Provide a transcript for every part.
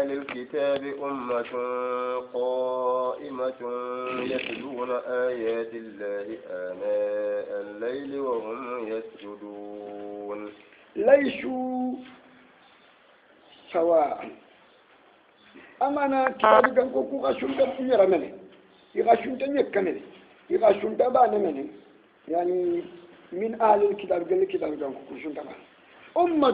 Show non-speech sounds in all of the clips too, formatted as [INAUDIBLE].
أهل الكتاب أمة قائمة يتلون آيات الله آناء الليل وهم يسجدون ليسوا سواء أمانا كتابك كوكو غشنت كيرا مني يغشنت يكمني يغشنت تبان مني يعني من أهل الكتاب قال الكتاب كوكو غشنت تبان أمة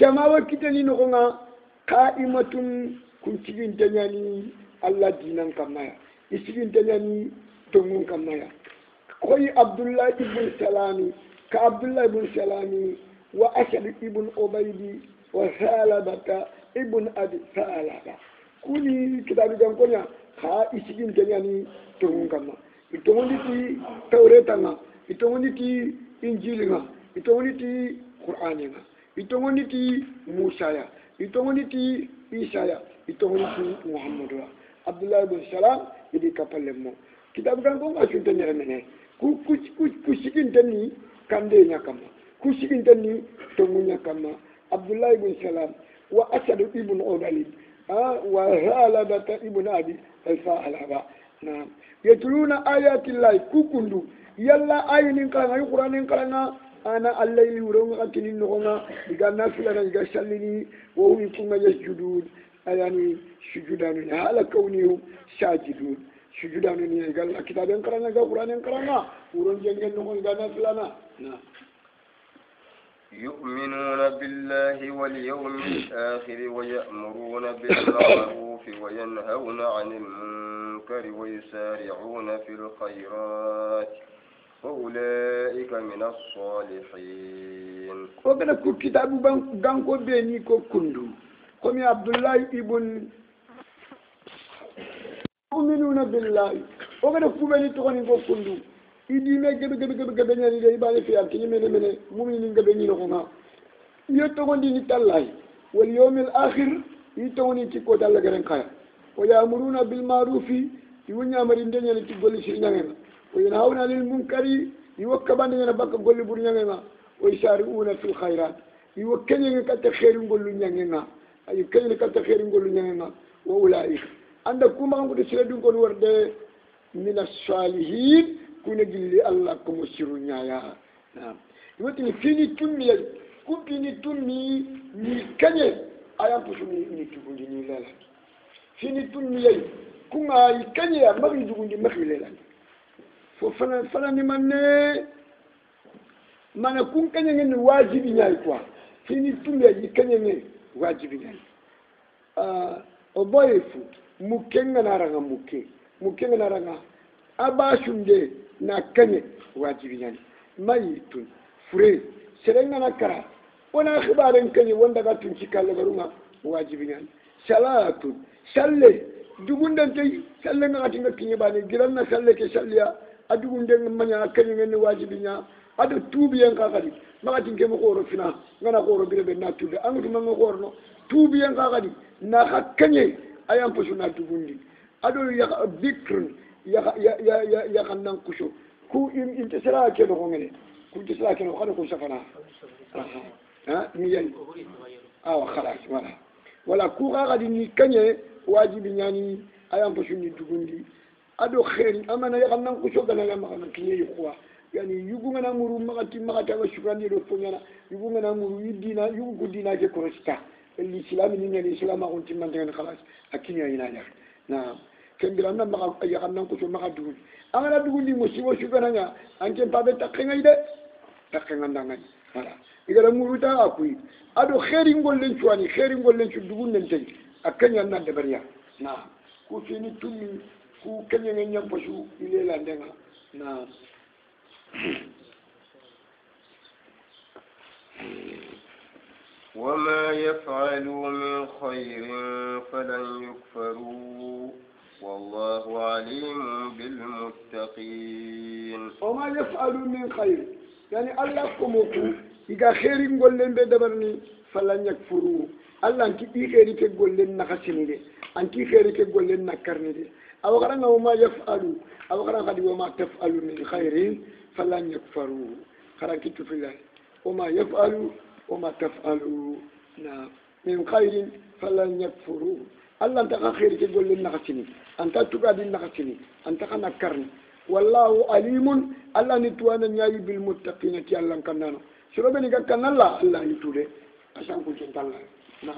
جماعة كتاني نغنى ka'imatun kuntigin tanyani Allah dinan kamaya isigin tanyani tongun kamaya koyi abdullahi ibn salami ka abdullahi ibn salami wa ashad ibn ubaydi wa salabata ibn abi salaba kuni kitabi dan ka isigin tanyani tongun kama itongundi ti taureta nga itongundi ti injili nga itongundi ti qur'ani nga itongundi ti musa ya itogoni ti isaya itogoni ti muhammadu la bin salam idi kapalle mo kitabu kan ko ma sunta nyere mene ku ku ku ku siginta ni kande nya kama ku siginta ni tongu nya kama bin salam wa asad ibn udalib wa halabata ibnu abi alfa alaba na yatluna ayati llahi kukundu yalla ayinin kalanga qur'anin kalanga أنا الليل يروم أكل النغمة يقال فلا رجع سلني وهم يكون يسجدون أياني سجدان على كونهم ساجدون سجدان يعني قال كتاب ينقرأنا قرآن ينقرأنا ورون جنگ النغمة يقال فلانا نعم. يؤمنون بالله واليوم الآخر ويأمرون بالمعروف وينهون عن المنكر ويسارعون في الخيرات فأولئك من الصالحين وقنا كتاب بانكو بيني كوكندو قومي عبد الله ابن يؤمنون بالله وقنا كوبيني تغني كوكندو يدي ما جب جب جب جب جب جب جب جب جب جب جب جب جب جب جب جب يتغني نتالاي واليوم الآخر يتغني تيكو تالا غرنكايا ويأمرون بالمعروف يونيا مرين دنيا لتقول سيناميما وينهون عن المنكر يوكبان ينبك قول برنيانا ويشارعون في الخيرات يوكن ينكت خير قول نيانا يوكن ينكت خير قول نيانا وأولئك عندكم أنقذ سيدنا قول ورد من الصالحين كنا جل الله كم سرنا يا نعم يمكن فيني تمي كون فيني تمي نكني أيام بسوني نتقولني لا لا فيني تمي كم أي كني ما بيجوني ما fo fana fanani manne mana kun ne ni wajibi yi quoi fini tumbeji kañenge wajibi ñayi o bɔ boye fu muke nganaranga mukke mukke nganaranga abasumde na kañe wajibi ñani mayi tun fure serengana kara wona xibaren kañe wondaga tun cikkallegarunga wajibi ñani sala y'a tun salle dugundentey salle ngaxatinga kiñibane giranna salle ke salliya adugunde ngi ni wajibi adu aɗa tuubiyen ka kadi makatin mo kooro fina ngana kooro bire be na tuude no koorono tuubiyen ka kadi na ha kañe ayan posu na dugundi ya ya ya yaka nan kusho ku inte sera keno ngi ngene ku inte sera k'a xana ku safana mi yani awa khalas wala wala ku ka kadi ni kañe wajibi ñani ayan posu ni dugundi aɗo xeeri amana yaxannan xusogananga maxana kiñeyi xuwa yani yugungana muru maxati maxatawa sukandiɗo foñana yugungana muru i dina yugu ku dina ke korosita lislami ni ñani islamaxuntimmantengani xalas a kiñayinañax naam kembira na maxa yaxannan xuso maxa dugundi angana dugundi musibo sugananga anken paɓe taqengay de taqengandangani voilà igara muruta a kuy aɗo xeeri ngollen cuwani xeeri ngollen cu dugunden ten a keñanna deɓariya naam ku fini tummi ku kenyenge ñamposu ilela ndenga na وما يفعلوا من خير فلن يكفروا والله عليم بالمتقين وما يفعلوا من خير يعني الله كموكو إذا خير نقول لهم بدبرني فلن يكفروا الله أنت إيه خيرك قول لهم نخسني أنت إيه خيرك قول لهم نكرني awa karan ga ma yaf'alu awa karan kadi wa ma taf'alu min khairin falan yakfaru karan kitu filai wa ma yaf'alu wa ma taf'alu na min khairin falan yakfuru allah ta ka khair ke golle nakatini anta tuga din nakatini anta kana karni wallahu alimun allah ni tuwana nyayi bil muttaqina ti allah kannano sirobe ni gakkan allah allah ni tude asan ku jintalla na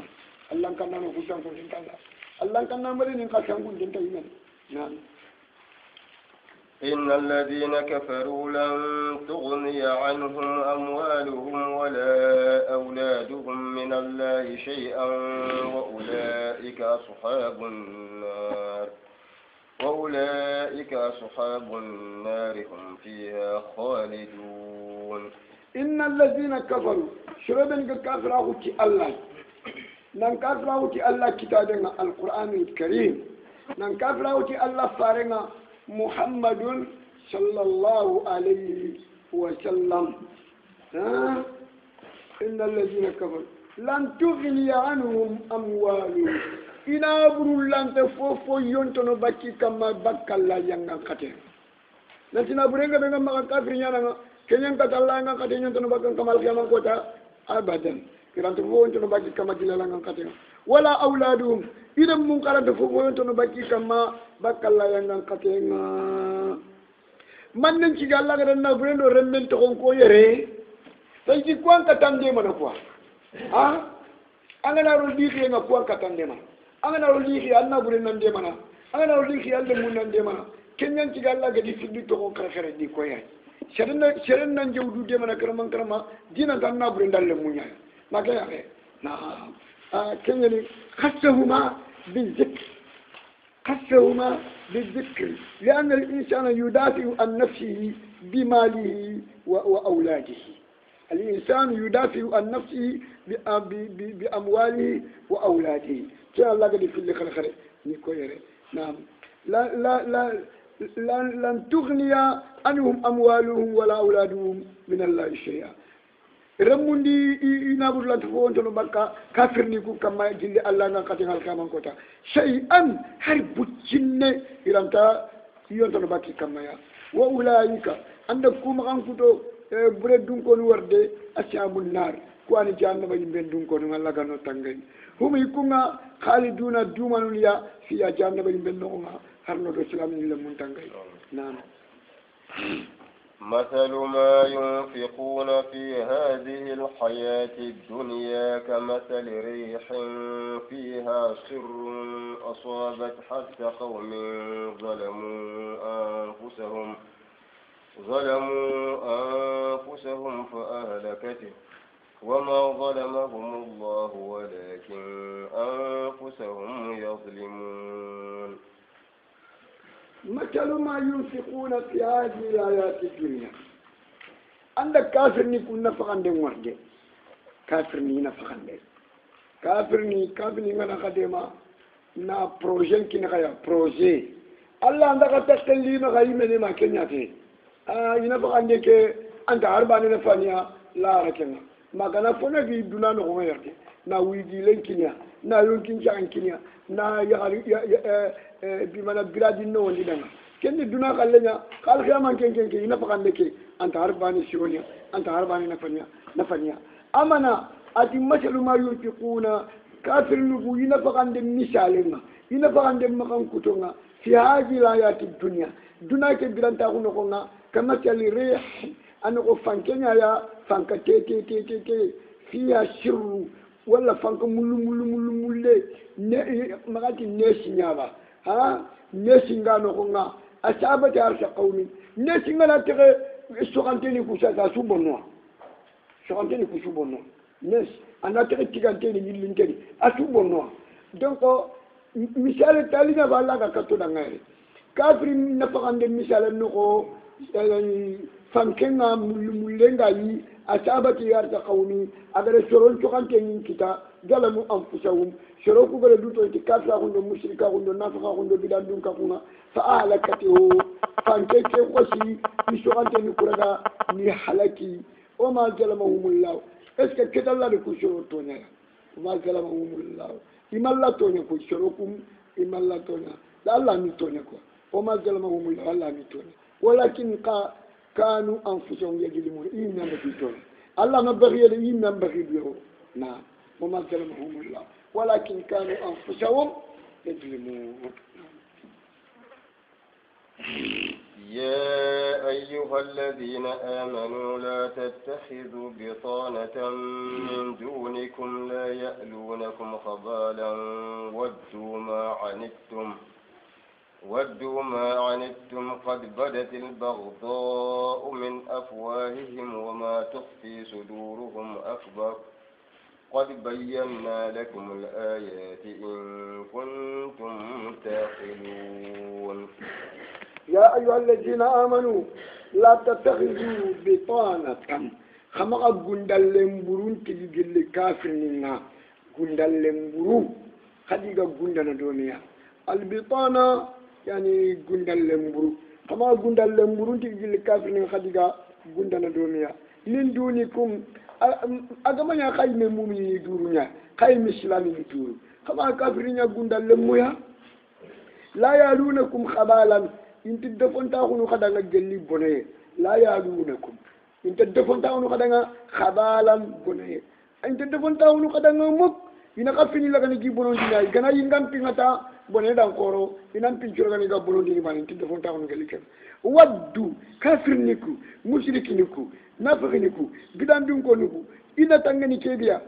allah kannano ku san ku jintalla allah kannamare ni ka san ku jintayi men نعم. إن الذين كفروا لن تغني عنهم أموالهم ولا أولادهم من الله شيئا وأولئك أصحاب النار وأولئك أصحاب النار هم فيها خالدون إن الذين كفروا شربن كافر أخوتي الله نن نعم، كافر أخوتي الله كتابنا القرآن الكريم nan kafrawti allah farenga muhammadun sallallahu alayhi wa sallam inna alladina kafaru lan tugniya anhum amwaluhum ina burullante fofo yontono bakki kamma bakkalla yangan kate nantina burenga ɓe gam maga kafir ñananga keñan kata allah ngan kate yontono bakkan kamal kiyaman kota abadan kiranto fo wontono bakki kamma dilalagan katega wala auladuhum iɗen mum karante fof woyontono bakki kamma bakkallayangan katega mannen ciga allah gadan na furen ɗo remmen togon ko yere tan ci kuwan ka tandemana quoi a anganaro liixiyenga kuwan ka tandemana anganaro liixi anna furen nan ndemana anganaro liixi alle mum nan ndemana kenyan ciga allah gadi fiddi togon xerxere ndi koyay seren nan jewdu demana karama karama dinan tan na furen dalle muñaya ما قال يعني. نعم آه، كم بالذكر قسهما بالذكر لأن الإنسان يدافع عن نفسه بماله وأولاده الإنسان يدافع عن نفسه بأمواله وأولاده كان الله قد في الخير نكوير نعم لا لا لا لن, لن تغني عنهم أموالهم ولا أولادهم من الله شيئا remmundi inaɓurlanta fo wontono makka kafirni ku kamma jille allah nan kati halkaman kota chey an har buccinne iranta yontono bakki kammaya wa ulayika anda kumakan kuto eh, bure dunkoni warde asiamu nar ko ani jahannama yimɓen dunkoni allah gano tangani humi kunga haliduna dumanun ya fiya jahannama yimɓen nogonga harnoɗo silamin yilemmun tangay nana مثل ما ينفقون في هذه الحياة الدنيا كمثل ريح فيها سر أصابت حتى قوم ظلموا أنفسهم ظلموا أنفسهم فأهلكته وما ظلمهم الله ولكن أنفسهم يظلمون مثل ما ينفقون في هذه الحياة الدنيا عندك كافر يكون نفق عند واحد كافر ني نفق كافر ني كافر ني من خدمة نا بروجي كي نخيا بروجي الله عندك تقلي ما غي من ما كنيا في آه ينفق كي أنت أربعة نفانيا لا ركنا ما كان فونا في دنا نقوم يرتي na wiji lenkiniya na yonkin jaan kiniya na eh, eh, bi mana gradi no wondi danga ni duna kallenya kal khiyaman ken ken ken ina fakan ke anta harbani shiwoniya anta harbani na nafaniya amana ati masalu ma yunfiquna kafir bu ina de misalenga ina de makan kutonga fi ya ti dunya duna ke biranta kuno konga kama tali rih an ko fankenya ya fanka te te te te fiya shirru walla fanka mullu mullu mullu mulle ne magati nesi ñaba ha nesi nga noxonga a sabate arsa qawmin nesi ngana texe soxanteni kusasa su bonnoa soxanteni ku su bonnoa nes ana texe tiganteni yillinteni a su bonnoa donc misale talina ba laga katodangayre kafiri nafaxande misale noxo eh, fankenga mullu mullenga yi asabati yarta qawmi agara soron cokan keñin kita galamu anfusahum soro kugara dutoyti kafira kundo mushrika kundo nafaka kundo bidandun kakunga fa ahlakatihu fanke ke kosi ni sokanteni kuraga ni halaki wama galamahumullahu est ce que ketallani ku soro toñaya wama galamahumullahu imalla toña ko soro kum imalla toña la allah mi toña quoi wama galamahumullahu allah mi toña walakin ka كانوا أنفسهم يجلمون إيم نمبغي الله نبغي إيم نمبغي بيرو نعم وما ظلمهم الله ولكن كانوا أنفسهم يجلمون يا أيها الذين آمنوا لا تتخذوا بطانة من دونكم لا يألونكم خبالا ودوا ما عنتم ودوا ما عنتم قد بدت البغضاء من أفواههم وما تخفي صدورهم أكبر قد بينا لكم الآيات إن كنتم تعقلون يا أيها الذين آمنوا لا تتخذوا بطانة خمق غندل لمبرون تجل كافرنا غندل لمبرون خديجة غندنا دوميا البطانة yani gundal lemburu kama gundal lemburu ti gil kafir khadiga gundana duniya lin dunikum agama nya kay me mumini durunya kay mislami duru kama kafirinya gundal lemuya la yalunakum khabalan inti defonta khunu khadanga gelli bonaye la yalunakum inta defonta khunu khadanga khabalan bonaye inta defonta khunu khadanga muk ina kafini lagani gibonon dinay gana yingam pingata boneda nkoro inan pincoro kani ga bolondini bani tidde fon taxono geli ken waddu kafir niku musriki niku nafiki niku bidambinko niku ina tangani keɓiya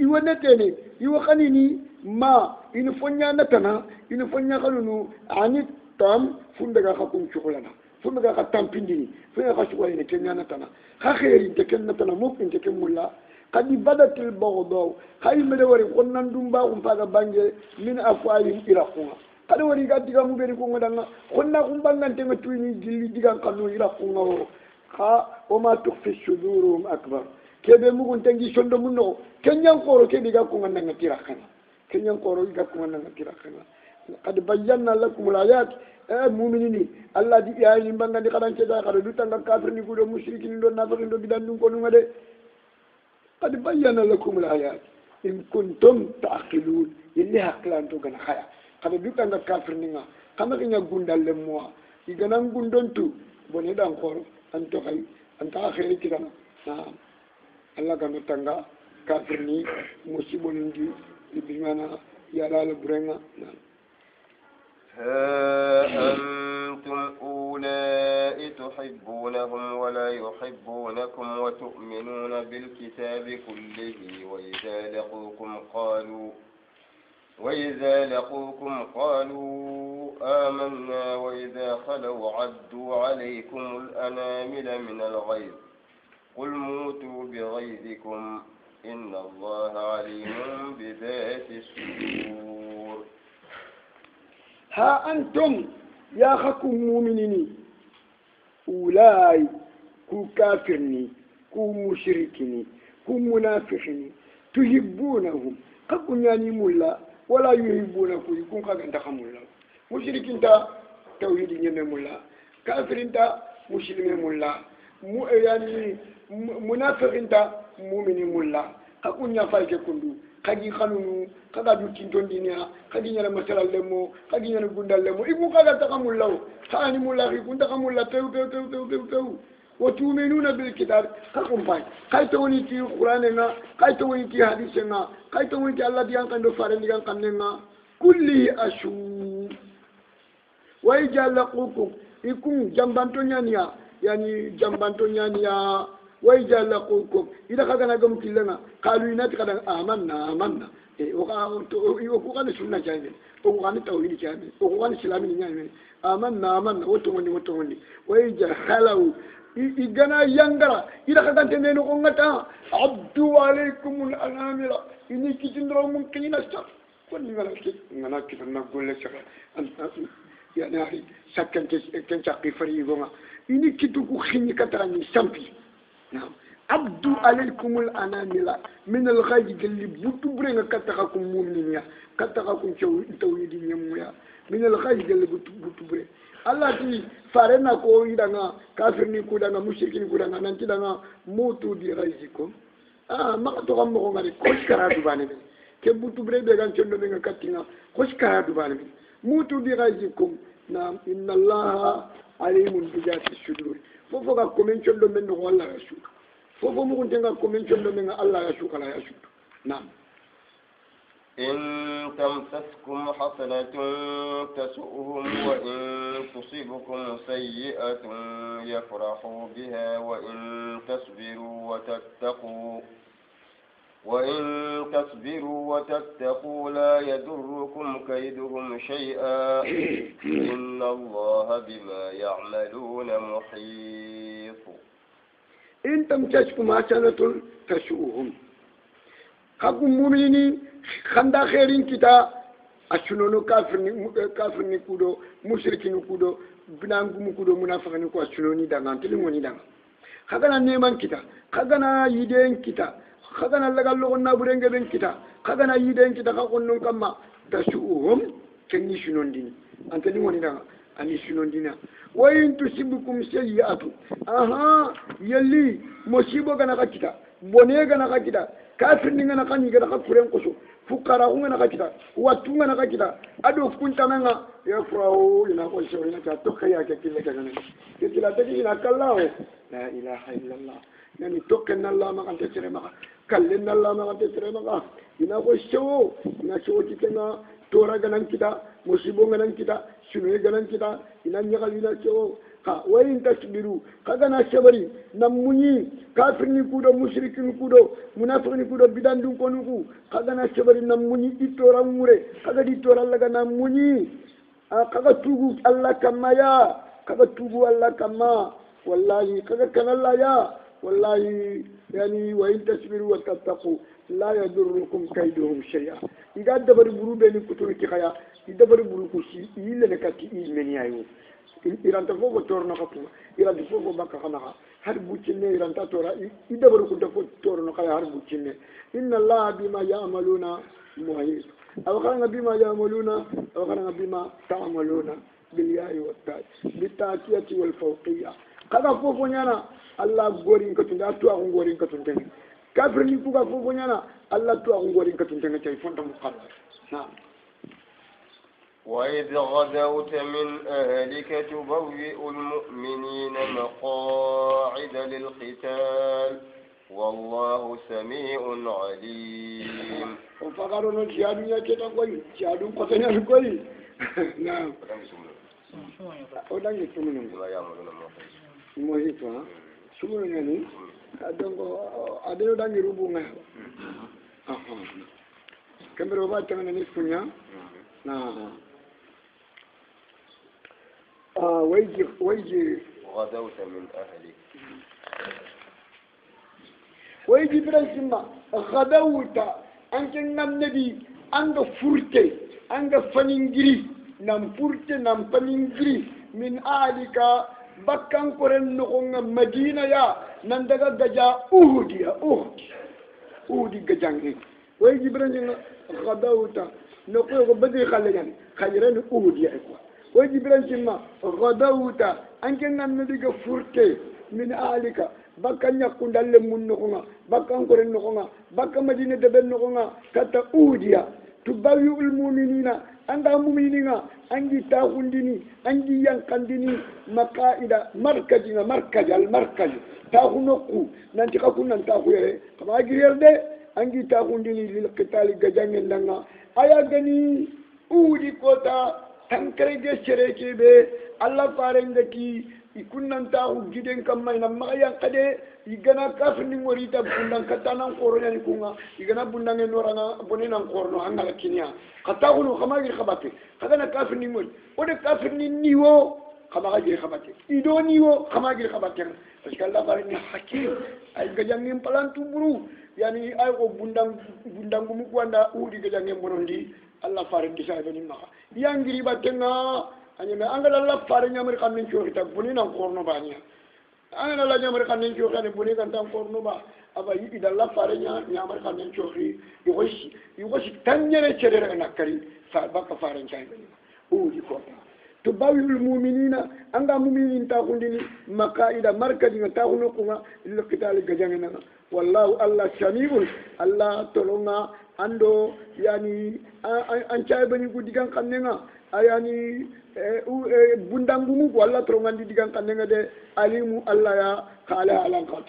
iwo netene iwo xanini ma ina foña natana ina foña xanunu ani tam fundega xa cum cuxulana fundega xa tampindini ga xa cuxalene ke ñanatana xa xeerinte ken natana mof inte ke mulla kadi badatil bagdaw hay mede wari konnan dum mbakum faga bange min afwahim irakunga kadi wari gadi ga mu beri ko ngodanga konna kum bangantema tuyni jilli digan kanno irakunga o ha woma tukfi shudurum akbar kebe mu mugun tangi shondo mun no kenyan koro kebe ga ko ngandanga tirakana kenyan koro ga ko ngandanga tirakana kadi bayyana lakum alayat e muminini allah di iyani bangandi kadan ceda kada dutanga kafir ni kudo mushrikini do nafakin do gidan dum ko numa قد بين لكم الآيات إن كنتم تأخلون يلي هكلان تو كان خايا قبل بيك أنك كافر نيغا كما كنا قندا لموا إذا نان قندون تو بني دان خور أنت خي أنت آخر كتنا نعم الله كان تنغا كافر ني مصيب نجي إبنانا يالال برينا نعم ها أنتم أولئك تحبونهم ولا يحبونكم وتؤمنون بالكتاب كله وإذا لقوكم قالوا وإذا لقوكم قالوا آمنا وإذا خلوا عدوا عليكم الأنامل من الغيظ قل موتوا بغيظكم إن الله عليم بذات الصدور ها أنتم ya haku mumini ne ulai ku kafir ne ku mushriki ne ku munafiki ne tuhibbunahum kakun ya ni mulla wala yuhibbunakum kun kaga ta mulla mushrikin ta tauhidi ne mulla kafirin ta muslimin mulla mu yani munafiqin ta mu'minin mulla kakun ya farke kundu kagi kanunu kaga du tinton dinia kagi nyala masalal lemo kagi nyala gundal lemo ibu kaga takamullaw taani mullahi kamul la tew tew tew tew tew tew wa tuminuna bil kitab ka kumpay kay to ni ti qur'ane nga kay to ni ti hadis nga kay to ni ti allah diang kan do fare ni kan nga kulli ashu wa ijalaqukum ikum jambanto nyania yani jambanto nyania وإجال لقوكم إذا خذنا قمت لنا قالوا إنات قدنا آمنا آمنا إيه، وقعنا إيه، سنة جايمين وقعنا التوحيد جايمين وقعنا السلامين جايمين آمنا آمنا وطموني وطموني وإجال خلو إجانا ينقرا إذا خذنا تنين قمتا عبدو عليكم الأنامرة إني كتن رو ممكنين أستر كل ما لكي مناكي فما قول لسخة يعني أخي سكن تشقي فريقونا إني كتوكو خيني كتراني سمبي Abdu alel kumul ananila Min al-khaji jeli butubre Nge katakakum mounin ya Katakakum chow itawidin ya moun ya Min al-khaji jeli butubre Allah ti farena kou yi danga Kafir ni kou danga, musyir ki ni kou danga Nan ti danga, motu di ghazikum A, maka tou ammou nga de Kosh karadu banem Ke butubre began chon dobe nge kati nga Kosh karadu banem Motu di ghazikum Nam, inna allaha alimun biyatis shuduri fofo ga komen condo men no Allah ya shuka fofo mu kun tenga komen condo men Allah ya shuka la ya shuka na'am إن تمسسكم حسنة تسؤهم وإن تصبكم سيئة يفرحوا بها وإن تصبروا وتتقوا وإن تصبروا وتتقوا لا يدركم كيدهم شيئا [COUGHS] إن الله بما يعملون محيط إن تشكو ما سنة تشوهم خاكم مميني خندا خيرين كتا نو كافر كافر نكودو مشرك نكودو بنانكو مكودو منافق أشنو ني دانا تلموني دانا خاكنا نيمان كتا خاكنا يدين كتا خغنا لغال لغنا برنگ بن كتا خغنا يدين كتا خغنن كما تسوهم كني شنون دين أنت لي وني ani sinondina wayin tusibukum sayyi'atu aha yalli musibo gana kakita bone gana kakita kafirin gana kani gana kakuren kuso fukara kun gana kakita watu gana kakita ado kunta nanga ya furawo ina ko shi ina ta to kaya ke kille ka gana ke kila ta ina kallawo la ilaha illallah nani to kenna allah ma kan ta sire ma kallin nan lana ta tere maka ina ko shewo ina shewo ti na tora ganan kita musibo ganan kita shinu ganan kita ina nyaga ina shewo ka wayin biru ka gana shabari nan munyi ni kudo ni kudo ni kudo bidan dun ka gana kaga na shabari nan munyi itora mure kaga di tora laga nan munyi ka ga tugu Allah kama ya ka ga tugu Allah kama wallahi kaga kanalla ya wallahi yani wa in tasbiru wa tattaqu la yadurrukum kayduhum shay'a iga dabari buru be ni kutur ki khaya i dabari buru ko si i le ka ki i men yayo iranta fofo torno ka kuma iranta fofo bakka kana ha har buccinne iranta tora i dabari kunta fo torno kaya har buccinne inna allaha bima ya'maluna muhit aw kana bima ya'maluna aw bima ta'maluna bil ya'i wat ta bi ta'tiyati wal fawqiyya kada fofo nyana allah gorin ka tunda tu an gorin ka tunda kafir ni fuka fo bonyana allah tu an gorin ka tunda tay fonta muqaddas na'am وإذ غدوت من أهلك تبوئ المؤمنين مقاعد للقتال والله سميع عليم وفقرنا جهاد يجد قوي جهاد قتنا القوي نعم ودعني تمنون مهيتها sumurengani donc adeno dangi rubunga kembere oba tanganani funya na ويجي ويجي غدوت من أهلك ويجي برسمة غدوت أنت نم نبي أنت فرتي أنت فننجري نم فرتي نم فننجري من أهلك bakkankoren nogonga madinaya nan daga gaja uhudiya uhud uhudi gajange way jibrañinga gadawta nokoyogo badi xaleñani xajirani uhudiya e quoi way jibrancimma gadawta anke min alika bakka ñakkundalle mun nogonga bakkankoren nogonga bakka madina deɓen nogonga katta uhudiya tubawiu lmuminina anga mumininga angi tahundini angi yankandini makaida markajinga markaji almarkaji tahu nokku nanti kaku nan tahu yere kama agiriyel de angi tahundini lilkitali gajangendanga aya gani uudi kota tankarege sereke be allah farengati ikunnantaxu giden kan kam mayna maxa yankade igana mori worita bundan katta nan koro koroñani kunga igana bundange noranga bone nan koro korno a ngala kinia xataxunu xamagir xabate xagana kafirnin wori ode ni niwo xamaxa gir xabate ido niwo xamagir xabatenga parce que allah barini hakim ay gajangin palantumburu yani ay ko bundan bundangumu kuwanda uudi gajangin bonondi allah farindi saybani maxa yangiriɓatenga ani me anga lalla pare nyamri kan nin chori tak buni nan korno ba nya anga lalla nyamri kan nin chori ani buni kan tan korno ba aba yidi lalla pare nya nyamri kan nin chori yoshi yoshi tanyere chere na kari fa ba ka faran chay o di ko تباوي المؤمنين عند مؤمنين تاخذني مقاعد مركز تاخذكما للقتال جانا والله الله سميع الله تلونا عنده يعني ان شاء بني قد كان قننا ayani eh, eh, bundangumu ko allah ngandi digan kannega de alimu allah ya qala halan ka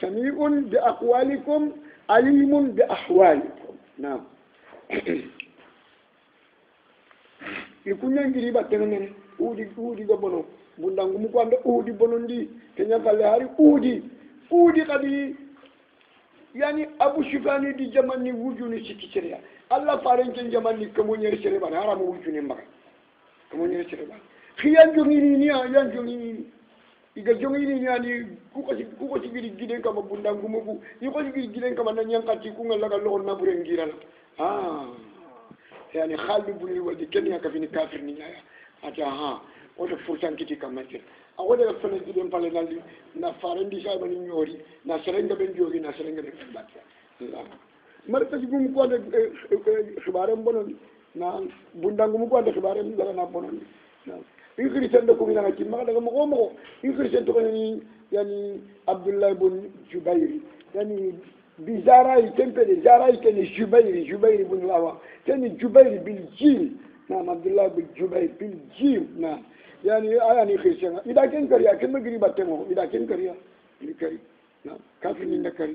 samiun be aqwalikum alimun be ahwalikum nam i kuñangiri udi uudi go bono bundangumu ko bono ndi bonondi keñagalle hari uudi uudi kadi yani abu sufani di jamanni wujuni sikki allah farenken jamanni kamoñere sere bana harama wuccune mbaga kamoñere sere bana hiyan jogininiya yan ni iga ku kukosigiri giden kama bundangumugu ikosigiri giden ma na ñankati kungallaga na naburen girala ah yani haaldu bunni walde kenya kafini kafir ni ñaya ata ha oto furtankiti kammanten awodaga fene giɗen pale nalli na farendi ni ñori na serenga ben jogi na serenga ɓen fimbatta mara gum ko de xibare eh, eh, eh, bonon na bundangu mu ko de xibare mu dara na bonon in christian da ko ngi na ci ma daga mako mako in christian to ko ni yani abdullah ibn jubair yani bi zarai tempele zarai ken jubair jubair ibn lawa ken jubair bil jim نعم عبد الله بن جبير بالجيم نعم يعني يعني خيشنا إذا كان كريا كم غريبة تمو إذا كان كريا لكري نعم كافي من kari.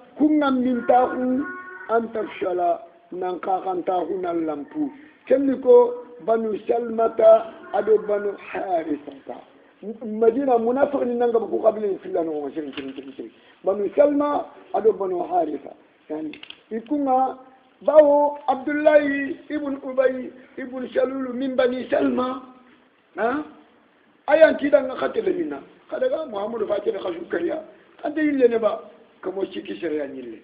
kungan mintaku antafshala nankakantaku nan lampu kelli ko banu salmata aɗo banu harisata madina munafakni nangaba ko kabilen fillanogoga siri siri siri siri banu salma aɗo banu harisa yani i bawo abdullah ibne ubay ibne salulu min bani salma a ayantiɗanga xa telemina xadaga mouhamadou fa kene xa sukariya ante yillene ba kamoci kisere ya nyille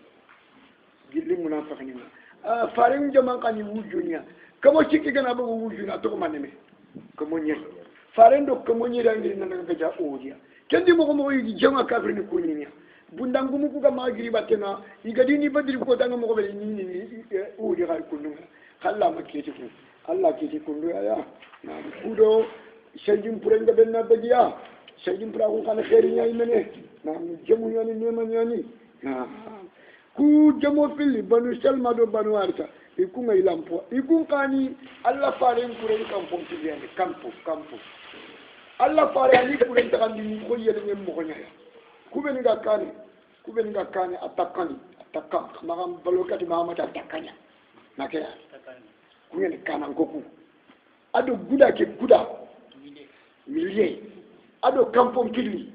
gilli munafik ni ma farin jaman kani wujunya kamoci ki gana bugu wujunya to ko maneme kamonye farin do kamonye da ngir nan ga oh ja ojiya kendi mo ko mo yi jama kafir ni kunyinya bundangu mu kuga magiri batena igadi ni badri ko tanga mo ko be ni ni udi har kunu khala maketi ku allah kiti kundu ya na kudo shajin purenga benna ya? shajin pura ko kana khairin ya imene nam jemu ñoni nema ñoni ku jemo filli banu salma do banu arta ikunga ilampo ikunkani alla fare nkure kampo tibiande kampo kampo alla fare ani kure ntagandi ni ko yele ngem mo nyaya kubeni ga kane kubeni ga kane atakani atakam magam balokati mama ta takanya nakela kuyen kana ngoku ado guda ke guda milie ado kampo kili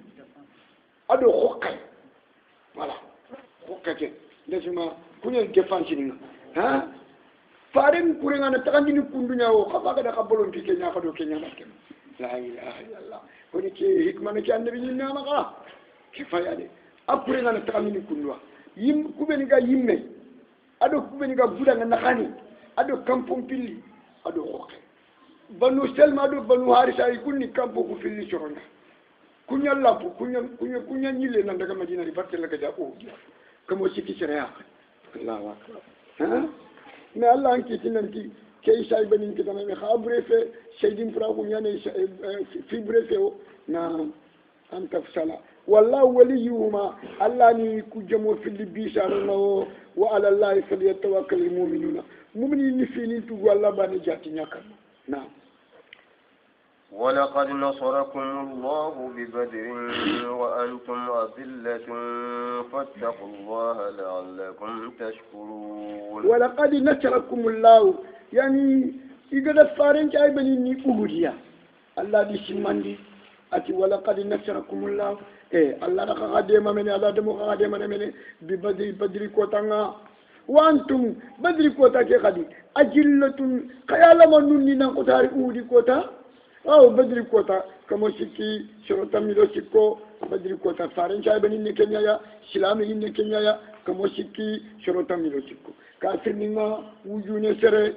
aɗo hokkay voilà hokkake ndesima kuñen defensininga ha faren kurenga na taxandini kunduña o xa faga daxa bolonti ke ñaxado ke ñanakem la ilaha illallah koni ke hikmana ke annabi ñinnama xa ke faya de a kurenga na taxandini kundua yim kuɓeniga yimme aɗo kuɓeniga gudanga naxani aɗo campong pilli aɗo xoke banu selma aɗo banu harisa i kunni campogu filli coronga kunya lapu kunya kunya kunya nyile na daga majina ripate la kaja ko kama shiki shari'a Allahu akbar ha me Allah anki tinan ki kei sai bani ki tamam kha fe shaydin fra ko nyane e, e, fi brefe na an tafsala wallahu waliyuhuma Allah ni ku jamo fili bi sallallahu wa ala Allah falyatawakkalul mu'minuna mu'minin ni fini tu walla bani jati nyaka na ولقد نصركم الله ببدر وأنتم أذلة فاتقوا الله لعلكم تشكرون ولقد نصركم الله يعني إذا فارن بني نيكوغوديا الله دي سيماندي أتي ولقد نصركم الله إيه الله رقا قديم من الله دمو قديما من ببدر بدر كوتانا وأنتم بدر كوتا كي قدي أجلة خيالا من نني نانكوتاري أودي كوتا aw ah, badri kota kamo sikki sorota miɗo sikko badri kota faren cay ɓen inne keñaya silami inne keñaya kamo sikki sorota miɗo sikko ka sirninga wujune sere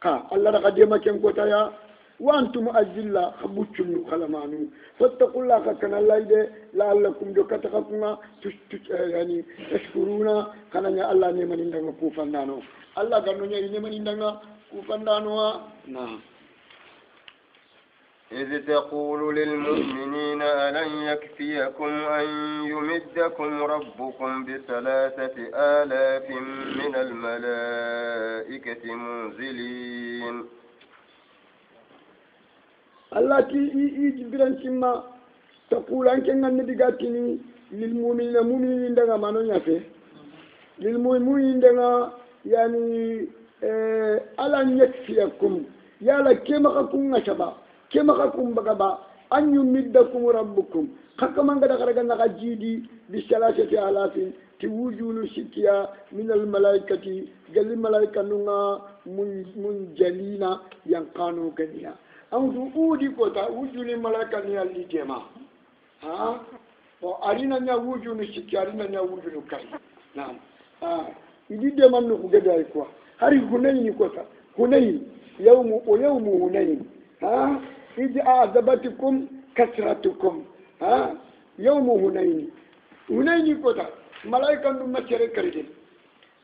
ka allah raka dema kotaya wa antum azilla xa ɓuccunu xalamanu fattaqulla ka kana layde laallakum do kataka kunga eh, yani tashkuruna xanaña allah nemanindanga kufandano allah gannoñayi nemanindanga kufandanoa na إذ تقول للمؤمنين ألن يكفيكم أن يمدكم ربكم بثلاثة آلاف من الملائكة منزلين التي كي تقول أنك النبي قاتني للمؤمنين مؤمنين دغا ما نيافي للمؤمنين دغا يعني آه، ألن يكفيكم يا لك كما كنت شباب kemaka kumbagaba an yumiddakum rabbukum hakamanga dakaraga naga jiidi bisalasati alafin ti wujulu sikkiya min almalaikati galli malaika nunga mun jalina yankano ganiya antu uudi kota wujuli malaika li jema ha o arina ña wujulu sikki arina ña wujunu kari naam a idi jema no gada ikwa hari hunayini kota hunayini yawmu o yawmu hunayini ha id azabatikum kasratukum ha yawmu hunaini hunaini kota malaika ndu macere karje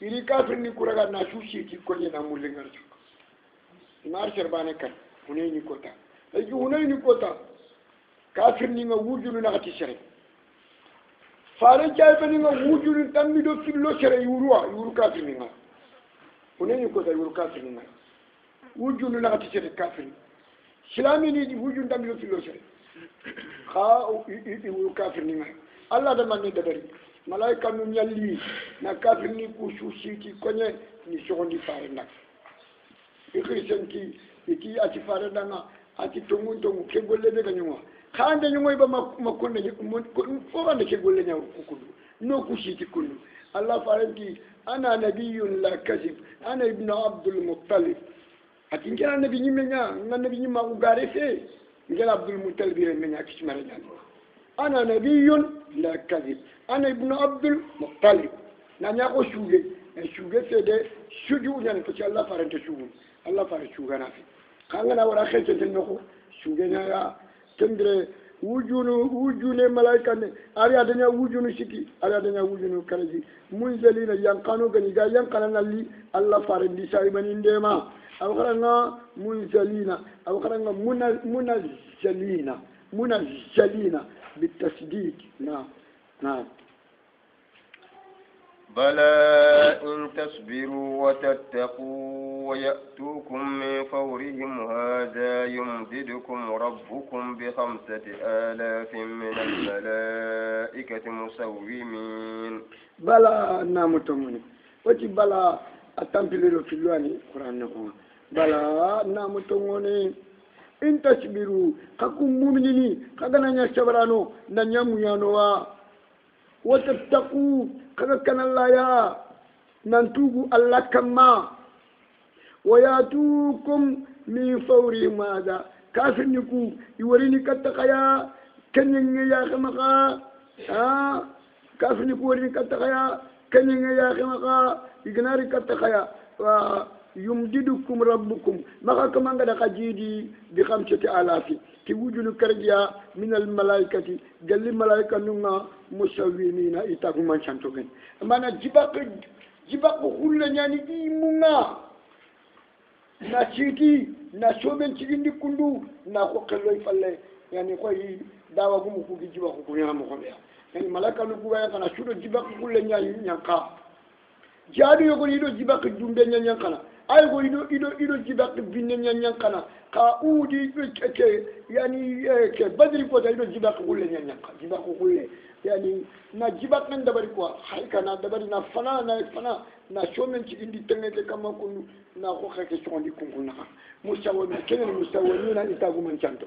iri kafir ni kuraga na shushi ki kolle na mulingar chuko imar sherbane kan hunaini kota ay hunaini kota kafir ni ma wujulu na ati shere fare jay bani ma wujulu tammi do fillo shere yuruwa yuru kafir ni ma hunaini kota yuru kafir ni ma wujulu na ati shere kafir ni silamini hujun damilo fillo sere ha iwu kafir ni ngai allah da manni dabari malaika nu nyalli na kafir ni ku su ni shogondi fare nak ikri ki iki ati fare danga ati tongun tongu ke golle be ganyuma khande nyumo ba makonde ko bande ke golle nyaw kukundu no ku siti kundu allah faranti ana nabiyyun la kazib ana ibnu abdul muttalib ati ngela nabi nyimenya na nabi nyima ugare fe ngela abdul mutalib remenya kishmare jani ana nabiyun la kadhib ana ibnu abdul muttalib na nya ko shuge en shuge fe de shuju nyan ko ci allah farante shugu allah fare shuga na fi kanga na wara xete den nako shuge na ya tendre wujunu wujune malaika ne ari adanya wujunu shiki ari adanya wujunu kalaji munzalina yankano gani ga yankana nalli allah fare ndi sai bani ndema أو خرجنا منزلينا أو خرجنا منزلينا منزلينا بالتسديد نعم نعم بلى إن تصبروا وتتقوا ويأتوكم من فورهم هذا يمددكم ربكم بخمسة آلاف من الملائكة مسومين بلى نعم تمني وتي بلى التمثيل في القرآن نقول bala na mutongone in tasbiru kakun muminini kaga na nya sabarano na nya muyanowa wa tattaku kaga kanallaya nan tugu allah ma wa yatukum min fawri kafin ni ku iwarini kattakaya kenyenge yakamaka kafin ni ku warini kattakaya kenyenge ka ignari wa. yumdidukum rabbukum maka kamanga da kajidi bi khamsati alafi ti wujulu kargiya min al malaikati galli malaika nunga musawwimina itaguma chantogen mana jibak jibak hulla nyani di munga na chiti na shoben chigindi kundu na ko kalloy falle yani ko yi dawa gumu ku jibak ku kunya mo ko yani malaika lu kuwa kana shudo jibak hulle nyani nyanka jaadu yogoni do jibak jumbe nyanyankana aygo ido ido iɗo jiba binne kana ka uudi ke yani eh, ke badri kota iɗo nyan nyan kana jibaki gulle yani na jibak nan dabari quoi hay kana dabari na fana na fana na shomen ci indi tengete kama ko na ko xeke cogondi kunkunaka na kenen man chanto canto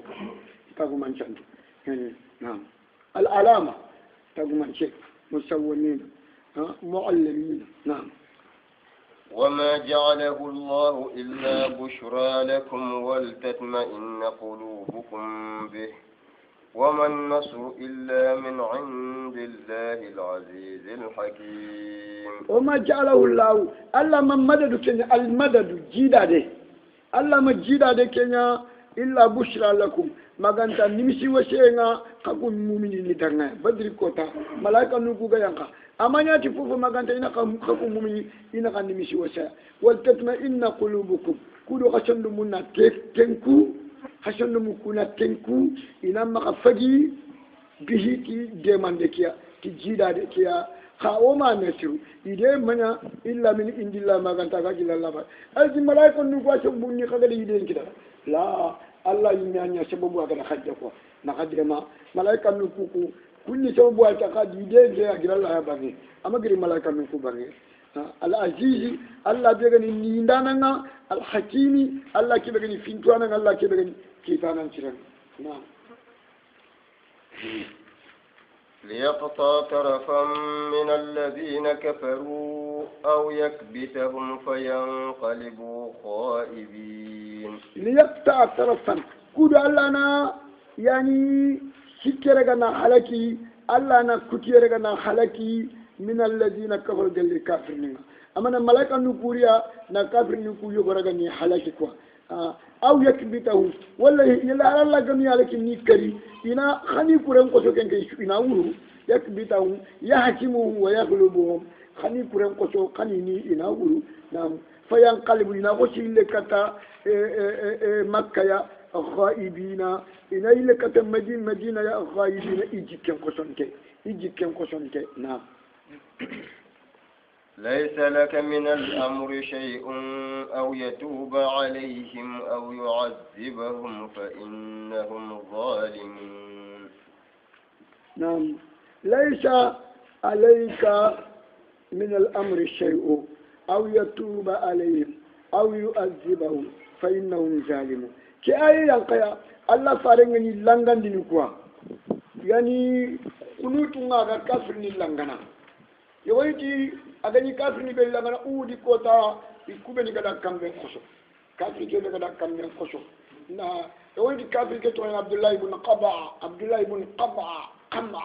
itaguman canto yani na al alama taguman ce ha muallimin nam وما جعله الله إلا بشرى لكم ولتطمئن قلوبكم به وما النصر إلا من عند الله العزيز الحكيم وما جعله الله ألا من مدد كنيا المدد جيدا دي ألا ما جيدا دي كنيا إلا بشرى لكم maganta نمشي washenga kakun مؤمنين litanga بدري كوتا ملايكا نوكو yanka amanyati fufu maganta ina kakun mumini ina kan nimisi wasa waltatma inna qulubukum kudo kashandu munna tenku hashandu mukuna tenku ina maka fagi bihi ki ti demande kiya ki jida de kiya ka o ma mesiru ide manya illa min indilla maganta ka gila laba alti malaika nu ko ce bunni kaga de ide kida la allah yinya nya sababu aga na hajja ko na hajja ma malaika nu kuku kulli sababu ay taka dide de agira la ya bangi ama giri malaika min fu bangi al azizi allah be gani ni ndananga al hakimi allah ke be gani fintuana allah ke be gani kitana ciran na ليقطع طرفا من الذين كفروا أو يكبتهم فينقلبوا خائبين ليقطع طرفا كود لنا يعني sikkere nan halaki allah na kutiyere nan halaki min allazina kafar gelle kafirninga amana malaka nu kuriya na kafirni ku yogoraga ni halaki quoi aw ah, yakbitahu walla yala allah gami halaki ni kari ina hani kuren koso kenke ina wuru yakbitahu yahkimuhu wa yahlubuhum hani kuren koso hani ni ina wuru nam fayanqalibu ina ko sille kata eh, eh, eh, makkaya الغائبين إن إلك تمجين مدينة يا الغائبين إجي كم قصنك إجي كم قصنك نعم ليس لك من الأمر شيء أو يتوب عليهم أو يعذبهم فإنهم ظالمون نعم ليس عليك من الأمر شيء أو يتوب عليهم أو يؤذبهم فإنهم ظالمون ke ayi kaya allah langgan di kuwa yani kunutunga aga ni langana yogoyti agani kafirni ɓe langana uudi kota ikkuɓeni kada kamɓen koso kafiri keɓe gada kamɓen koso na yogoyti kafiri ke toen Abdullah bun qaba kaba bun qaba qama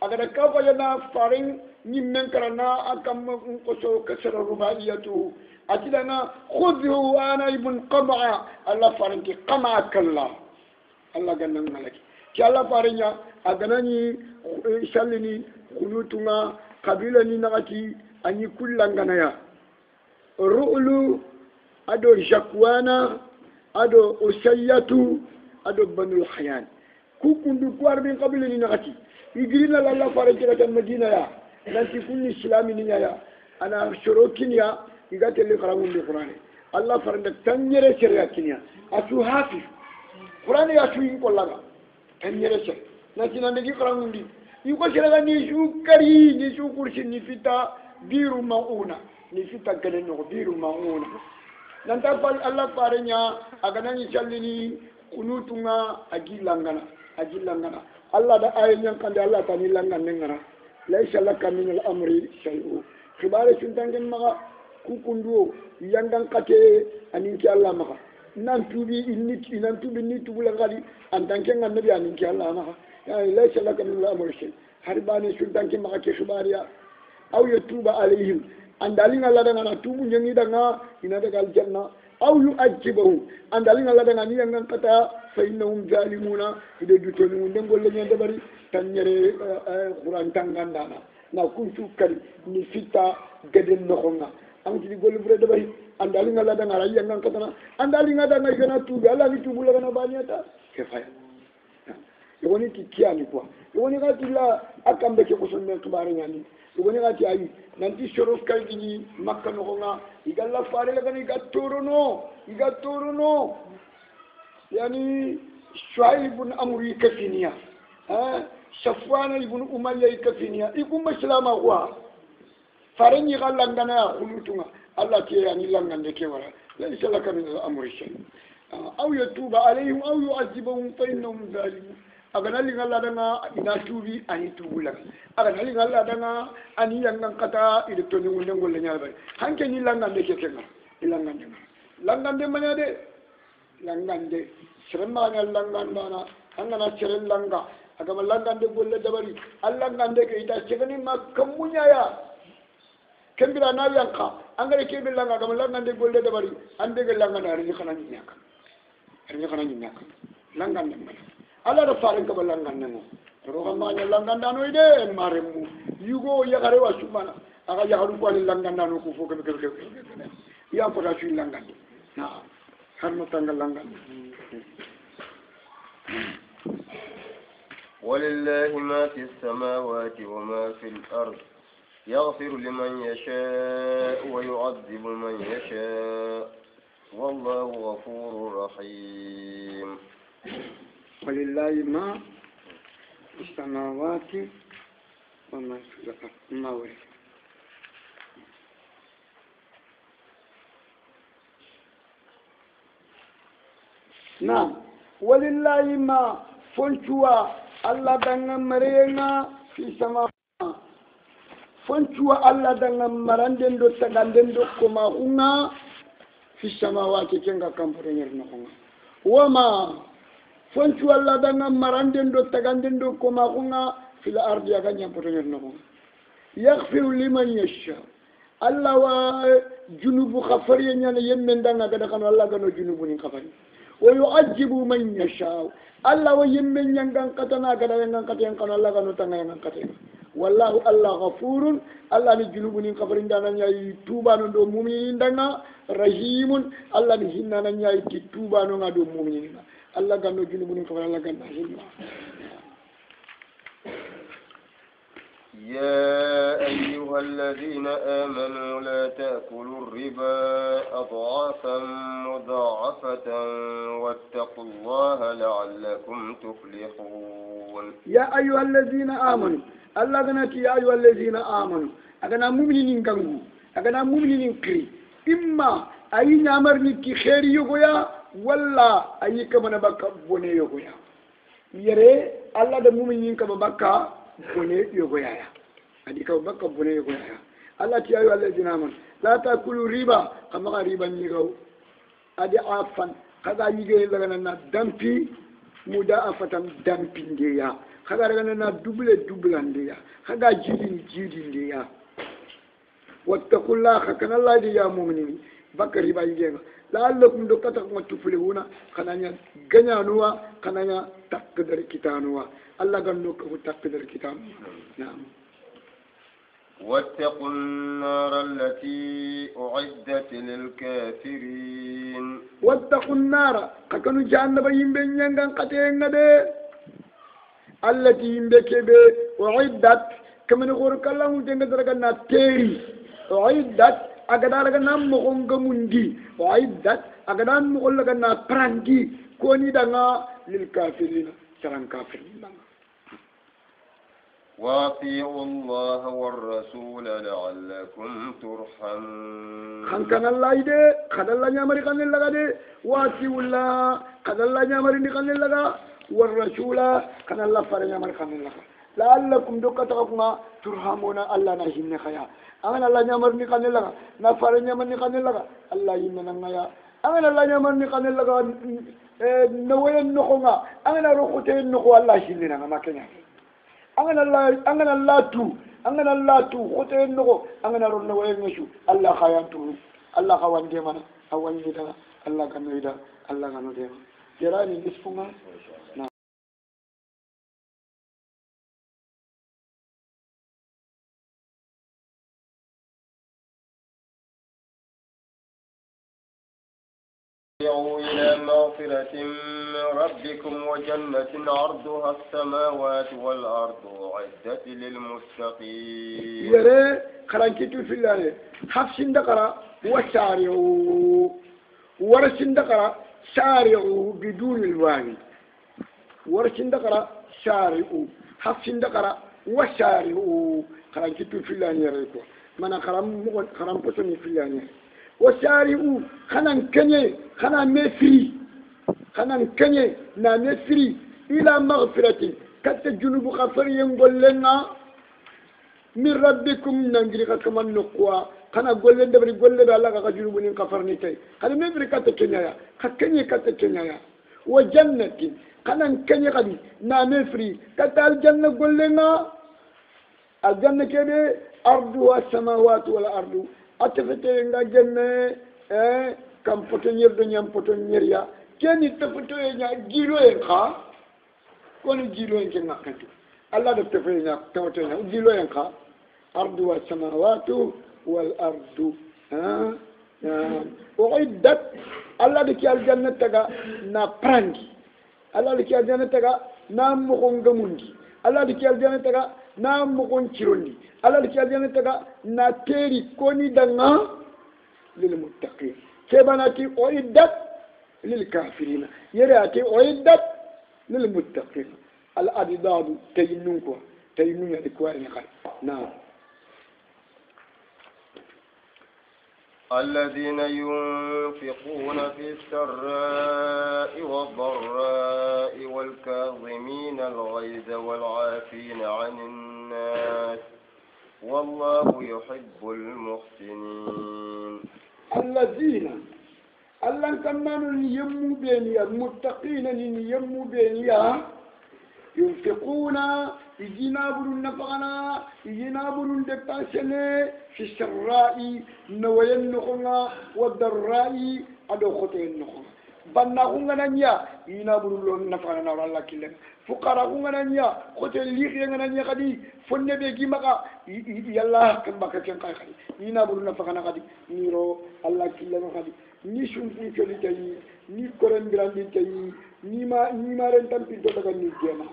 agada kafayana faren ñimmen kara na a kam koso kasara rubaiyatuhu أتلنا خذه وأنا ابن قمع الله فارنك قمع كلا الله قال لنا كي الله فارنيا أغناني سلني خلوتنا قبيلني نغتي أني كل غنايا رؤلو أدو جاكوانا أدو أسياتو أدو بنو الحيان kukundu kuwar bin kabila ni nakati igirina lalla fara kira kan madina ya nanti kunni islami ni ya ana shorokin iga telli karagunde qurane allah faranda tanñere serga kiniya atu hafi qurane atu in kollaga tanñere ser natinandegi karagundi iko seraga ni su kari ni su kursi ni fita biru mauna ni fita gene nogo biru mauna nanta fal allah fareña aganañi sallini kunutunga agi langana agi langana allah da aye ñankande allah tani langan ne ngana laysa laka al amri shay u xibare suntangen kukunduwo yangan kate anin ki allah maha nan tubi inni nan tubi ni tubulan kadi an tanke ngannabi anin ki allah maha yani laysa laka min al-amr shay har bani sultan ki maha ke shubariya aw yatuba alayhim andalin allah daga na tubu nyangi daga ina daga aljanna aw yu'ajjibahu andalin allah daga ni yangan kata fa innahum zalimuna ide dutoni mun den golle nyande bari tanyere qur'an tangandana na kuntu kari ni fitta gaden nokonga angitini golli fure bayi andali ali ngalla danga aɗa yiyangan katana andali ngada nga danga igana tuubi alla ni tuubulla gana baniyata ke faya yogoni ti kiyani quoi yogoni ga tilla a kambe ke koson men kibareñani yogoni ga ti ayi nanti soros kalgini makka nogonga igalla farela gana iga torono iga torono yani shuaib ibn amr ikafiniya eh? safwana ibn umayya ikafiniya ikumba silama quoi فرني غلغنا يا خلوتنا الله تي يعني لغنا نكي ورا ليس لك من الامر شيء آه، او يتوب عليهم او يعذبهم فانهم ظالمون أغنى لي الله دنا إن أشوفي أن أغنى لي الله أن يلعن إلى توني ولا نقول لنا بعد هن كان يلعن عند كتير لعن عند ما لعن عند ما نادى لعن عند شرم ما نال لعن عند أنا أنا أنا شرم لعن أكمل لعن عند بقول له دبري لعن عند كي ما كم ونيا kembira na yanka angare kebe langa gam langa de golle de bari ande gel langa na ni xana ni ñaka ni xana ni ñaka langa ne ma ala da faare ko langa ne mo ro xam ma ñal langa ndano ide mare mu yugo yagare wa sumana aga yagaru ko ni langa ndano ko fo ko ko ko ya ko ta ci langa na har mo tanga langa ولله ما في السماوات وما في الأرض يغفر لمن يشاء ويعذب من يشاء والله غفور رحيم ولله ما في السماوات وما في الأرض نعم ولله ما فنتوا الله دنا مرينا في السماوات foncuwa allah danga maranden do taganden do koma hunga fi sama samawati kenga kampotoñer noxonga woma foncu allah danga maranden do taganden do koma hunga fil ardi aga ñampotoñer noxonga yahfiru liman yasha allah wa junubu xa fariye ñana yemmen danga gada xano allah gano junubu ni xa wa yu'ajjibu man yasha Allah wa yimmin gada yangan kata yankan Allah kanu tanga yangan kata wallahu Allah ghafurun ni junubu ni kafarin dana nyai tuba no do mu'minin dana rahimun Allah ni hinna na nyai ki tuba no ngado mu'minin Allah ganno junubu ni kafarin Allah ganna hinna يا أيها الذين آمنوا لا تأكلوا الربا أضعافا مضاعفة واتقوا الله لعلكم تفلحون يا أيها الذين آمنوا الله غنك يا أيها الذين آمنوا أغنى مؤمنين كنغو أغنى مؤمنين كري إما أي نعمر نكي خير يغويا ولا أي كمان بكا بوني يغويا يري الله دا مؤمنين كما bone yogoyaya adi kaw bakka bone yogoyaya allah ti ayu allah jinaman la takulu riba kama kamaga riba ñigaw adi afan kaga yigeye laganana dampi muda afatan dampindeya kaga raganana duble dublandeya kaga jiidini jiidindeya wattakullaha kanallahdi ya muminin bakka riba yigega la'allakum do kata kuma tuflihuna kananya nuwa kananya takdar nuwa allah ganno ko takdar kitan na'am واتقوا النار التي أعدت للكافرين واتقوا النار كأنه جهنم يمبين ينغان قتين التي يمبكي أعدت كمن غور كلام جنة درغنا تيري أعدت agada daga na mogon ga mundi wa iddat agada mogon daga na واطيعوا الله والرسول لعلكم ترحمون خان كان الله يدي خد الله يامر خان لغا دي واطيعوا الله خد الله نيامري خان لغا والرسول خان الله فر نيامري خان لغا لعلكم دوكا تغفنا ترحمون الله نجم نخيا أمن الله نمر نقن لغا نفر نمر نقن لغا الله يمنا نغيا أمن الله نمر نقن لغا إيه، نوي النخونا أمن روخوتي النخو الله شلنا ما كنا أمن الله أمن الله تو أمن الله تو خوتي النخو أمن رو نوي النشو الله خيان تو الله خوان ديمانا أوان يدانا الله كان يدانا الله كان يدانا جراني نسفونا نعم. مغفرة من ربكم وجنة عرضها السماوات والأرض عدة للمستقيم يرى خرانكتو في الله حفصين دقرا وسارعوا ورسين دقرا سارعوا بدون الواني ورسين دقرا سارعوا حفصين دقرا وسارعوا خرانكتو في الله يريكو من karam karam kosoni filani o sari u kana kenye خنان كني نانسري إلى مغفرة كت جنوب خفر ينقول لنا من ربكم ننجري كما نقوى خنا قول لنا بري قول لنا الله لا جنوب خفر نتاي خنا ما بري كتا كنيا خكني كت كنيا وجنة خنا كني غادي نانسري كت الجنة قول لنا الجنة كده أرضها السماوات والأرض أتفتين جنة إيه كم فتنير دنيا فتنير يا keni tefetoye ña jiloyen xa koni jiloyen ke ŋakkentu allah def tefetoye ña tefetoye ña jiloyen xa ardu wa samawatu wal ardu uiddat allah de ki aljanna taga na prangi allah de ki aljanna taga na mogon gamundi allah de ki aljanna taga na mogon cirondi allah de ki aljanna taga na teeri koni danga lilmuttaqin kebanati uiddat للكافرين يراتي أعدت للمتقين الأضداد تينونكو تينون يكوارن قال نعم الذين ينفقون في السراء والضراء والكاظمين الغيظ والعافين عن الناس والله يحب المحسنين الذين allan kammanu ni yemmu beniya muttaqina ni yemmu beniya yunfiquna ijinabunun nafaqana ijinabunun depensene fi sarra'i nawayen nokonga wa darra'i ado khotoyen nokonga banna kungana nya inabunun lon nafaqana na wala killen fukara kungana nya khotoyen lixiye ngana nya kadi fonne be gimaka yalla kambaka ken kay kadi inabunun nafaqana kadi niro alla killen kadi ni sunfin feli tayi ni korengirandin tayi nima nimaren tampinto daga ni gema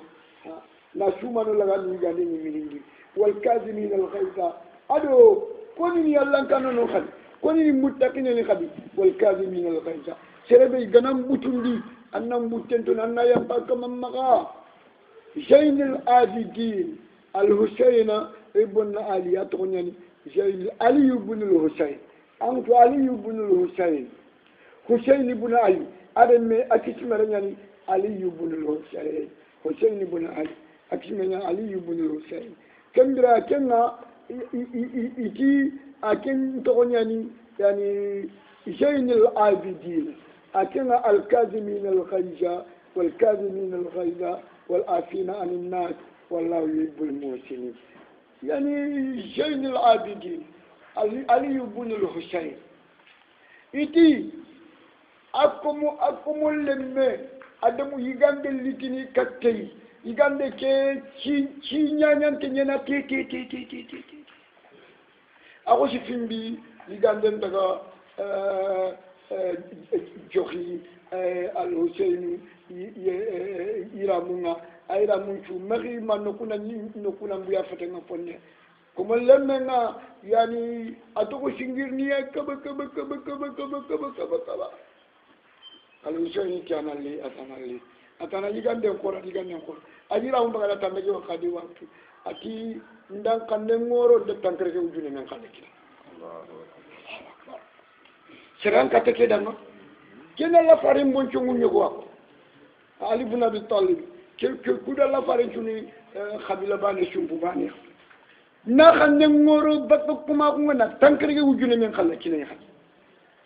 na sumano laga ni gande ni miningi wal kazimin al ghaiza ado ko ni allah kanu no khadi ko ni muttaqin ni khadi wal kazimin al ghaiza serebe ganam butundi annam buttento nanna yam pakam maga zain al abidin al husayna ibn ali atonyani zain ali ibn al husayn antu ali ibn al husayn حسين بن علي أرمي أكتمرني علي بن الحسين حسين بن علي أكتمرني علي بن الحسين كم برا كنا إتي أكن تغني يعني زين يعني العابدين أكن الكاذبين الغيظ والكاذبين الغيظ والعافين عن الناس والله يحب المحسنين يعني زين العابدين علي بن الحسين إتي akumu akumu lemme adamu yigande litini kakkei yigande ke ci ci ñañante ñena te te te te te te te ako si fimbi yigande daga eh, eh, joxi eh, al huseinu iramunga ayiramuncu maxi ma nokuna nokuna mbuya fetenga fonne kuma lemmenga yani a togo singirniya kaba kaba kaba kaba kaba kaba kaba kaba alwisho yi kana li atana li atana yigande kora digande kora ajira umba kala tambe jo kadi waktu ati ndan kande ngoro de tankere ke ujune men kala kila seran kata ke dan kena la farin bon chungu nyugo ako ali bun abi talib ke ke kuda la farin chuni khabila bani chumbu bani na kande ngoro bakko kuma kuma na tankere ke ujune men kala kila ya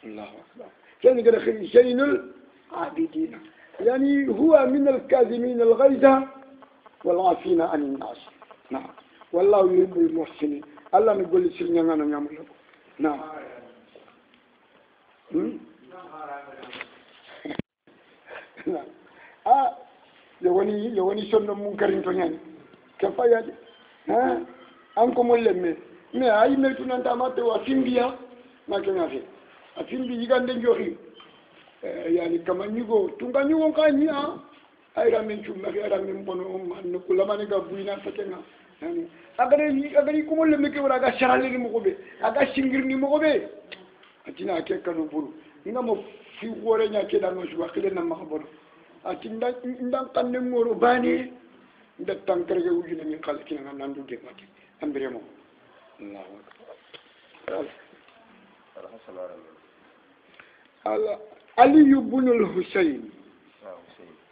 Allahu akbar kene gada khinul Abidina. Yani, huwa min al-kazimine al-ghajda, wal-afina anin nasi. Na. Wallahu yubbu yu morsini. Allan yu gwenle sir nyan gwa nan yamur lakou. Na. Hmm? Nan hara nan yamur lakou. Na. Ha, le wani son nan moun karinto nyan. Kya fay aje? Ha? An kon moylem me. Me, ayi me yu nan ta mate, wa simbi ya, ma ken yafi. Asimbi yikan den jokib. Eh, yani kaman njigo, Tunga njigo, kanyan, ah. Ay ramechou, Maki arame mpono, Om, An noukou, Laman e gavwina, Sate nga, Agane, Agane koumou, Lemekewara, Agane charalini mwokowe, Agane singirini mwokowe, Atina ake kanopono, Inamou, Fikwore njake dan wos wakile nan makopono, Atinda, Ndan kande mworo, Bani, Ndan tankarge woujine, Min kalakine, Nan nandouge, Mwakil, An bremou, Allah wakil, A Ali yu bunel Huseyin. Ha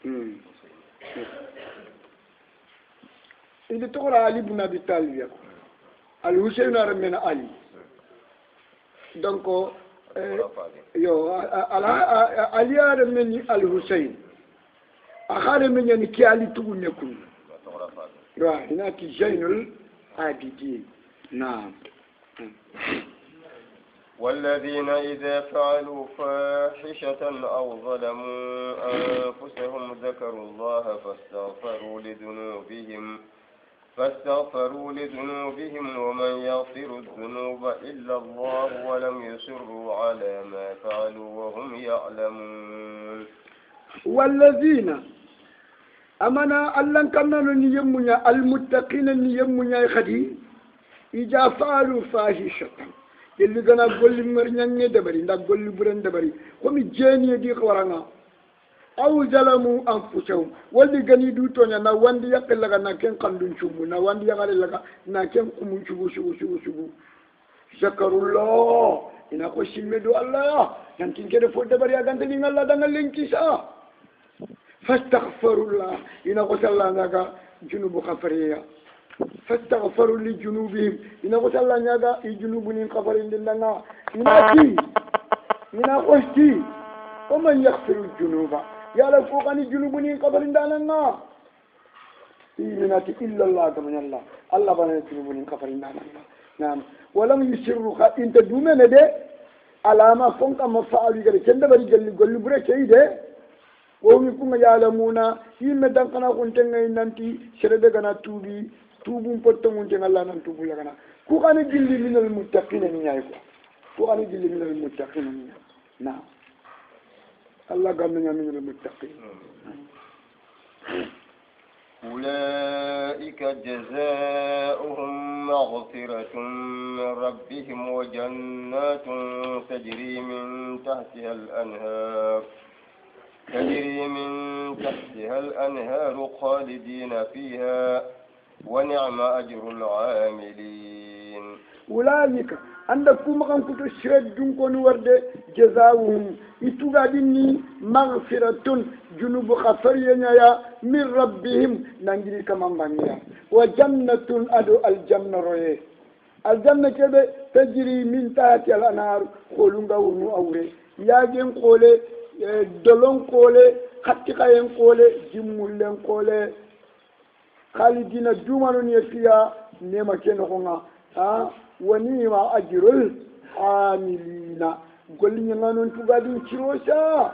Huseyin. Hmm. Inde tokora Ali bunabital yaku. Al Huseyin a remene Ali. Donko. Tokora pa li. Yo. Ali a remeni Al Huseyin. A ka remenye ni ki Ali tou mwenyekou. Tokora pa li. Wa. Inaki jaynol. Abidin. Na. Hmm. والذين إذا فعلوا فاحشة أو ظلموا أنفسهم ذكروا الله فاستغفروا لذنوبهم فاستغفروا لذنوبهم ومن يغفر الذنوب إلا الله ولم يصروا على ما فعلوا وهم يعلمون والذين أمنا ألن كمنا نيمنا المتقين نيمنا يخدي إذا فعلوا فاحشة yelli gana golli mar ñange dabari nda golli buren dabari komi jeeniyedi xawaranga aw zalamu anfusahum walli gani du toña na wandi yaqe laga na ken xandun cubu na wandi yaqare laga na ken kumun cubu sugu sugu sugu zakarullah ina ko simme do allah nantin kede fo dabari ni agantalin allah danga lenkisa fastahfirullah ina ko sallangaga junubu xafareya fastagfaru li junubihim ina ko talla ñaga i junubu nin kafarindindanga ina ti ina kosti oman yahfiru junuba yala ko kani junubu nin kafarindananga iminati illa llah gamañalla allah bana junubu nin kafarindananga nam walam yusirru ha inta dumene de alama fonkamma faalu gada ken bari galli golli bure keyi de womi kunga yalamuna yimme dankana kuntengayi nanti sere gana tuubi توبو مبتو مونتي الله نان توبو لغنا كو خاني من المتقين ني ناي كو كو خاني جيلي من المتقين ني نعم الله غامنا من المتقين أولئك جزاؤهم مغفرة من ربهم وجنات تجري من تحتها الأنهار تجري من تحتها الأنهار خالدين فيها ونعم أجر العاملين أولئك عندك كم كان كنت شهد جنكون ورد جزاؤهم إتوغادني مغفرة جنوب خفرين يا من ربهم نانجري كمان بانيا وجنة أدو الجنة رويه الجنة كده تجري من تحت الأنهار خلونغا ونو أوري ياجين قولي دلون قولي خطقين قولي جمولين قولي khalidina dumanun ya fiya nema kenoxonga a wa nima ajirol hamilina golliñangano tugadin cirosa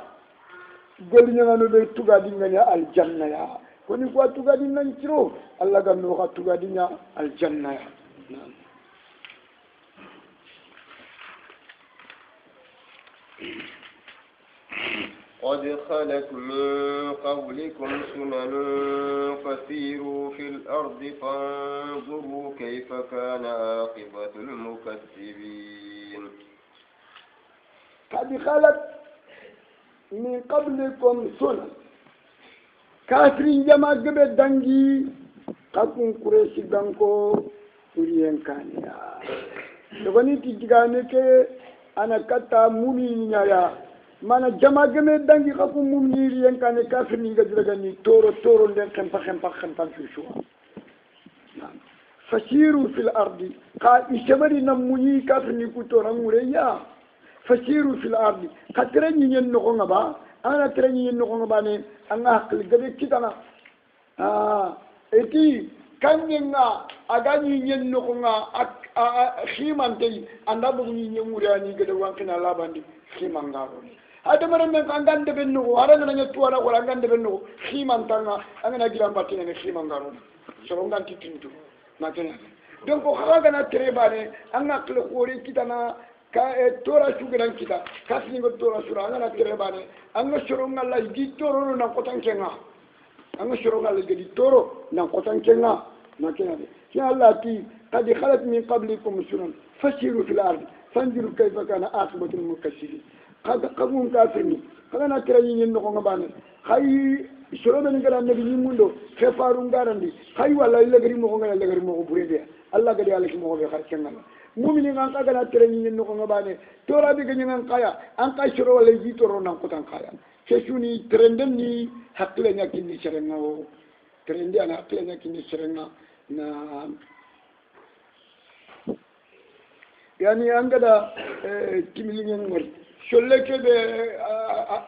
golliñangano ɓe tugadingaña aljannaya koni kuwa tugadin nan ciro allah gannoxa tugadiña aljannaya [CLEARS THROAT] قد خلت من قبلكم سنن فسيروا في الأرض فانظروا كيف كان عاقبة المكذبين قد خلت من قبلكم سنن كاثرين جما قبل دنجي قاكم قريش دنكو تريين كانيا لغني تجيغانيكي أنا كتا مؤمنين يا مانا جما جمي دانجي خفو موم نير ينكان كافر ني غدي رغان ني تورو تورو لين خم خم خم تان في شو فشيرو في الارض قا يشمري نم موني كافر ني كو تورو موريا فشيرو في الارض كاتراني ني نوكو نبا انا تراني ني نوكو نبا ني انا خل غدي كيتانا اه اكي كان ينغا اغاني ني نوكو نغا اك خيمان تي اندابو ني ني مورياني غدي وانكنا لاباندي خيمان غارو hade maremen ko kan ɓen nugu arangana ñettu waɗa wala angande ɓen nugu ximantanga angana gilan battinene ximangarum soro nganti tintu maintenant donc xaxagana terebane anga qile xoori kitana ka eh, tora sugiran kita kasinigo tora sura angana terebane anga sorongalla gi torono nan qotankenga anga sorongalla di toro nan qotankenga maintenant si allah ti qad halat min qablikum sunan fasiru fi l ard fanjiru kayfa kana aqibatu kagun ka fini kana kira yin no ko ngabane hay soro ben gara nabi yin mundo ke faru garandi hay wala lagari mo ko ngala lagari mo ko burede allah gadi alaki mo ko be khar kengal mumini ngan ka gana kira yin no ko ngabane tora bi gani ngan kaya an ka soro wala yi toro nan ko tan kaya ke shuni trenden ni hakle nya kinni serenga o trende ana hakle nya kinni serenga na yani an gada kimilingen ngorti sholle keɓe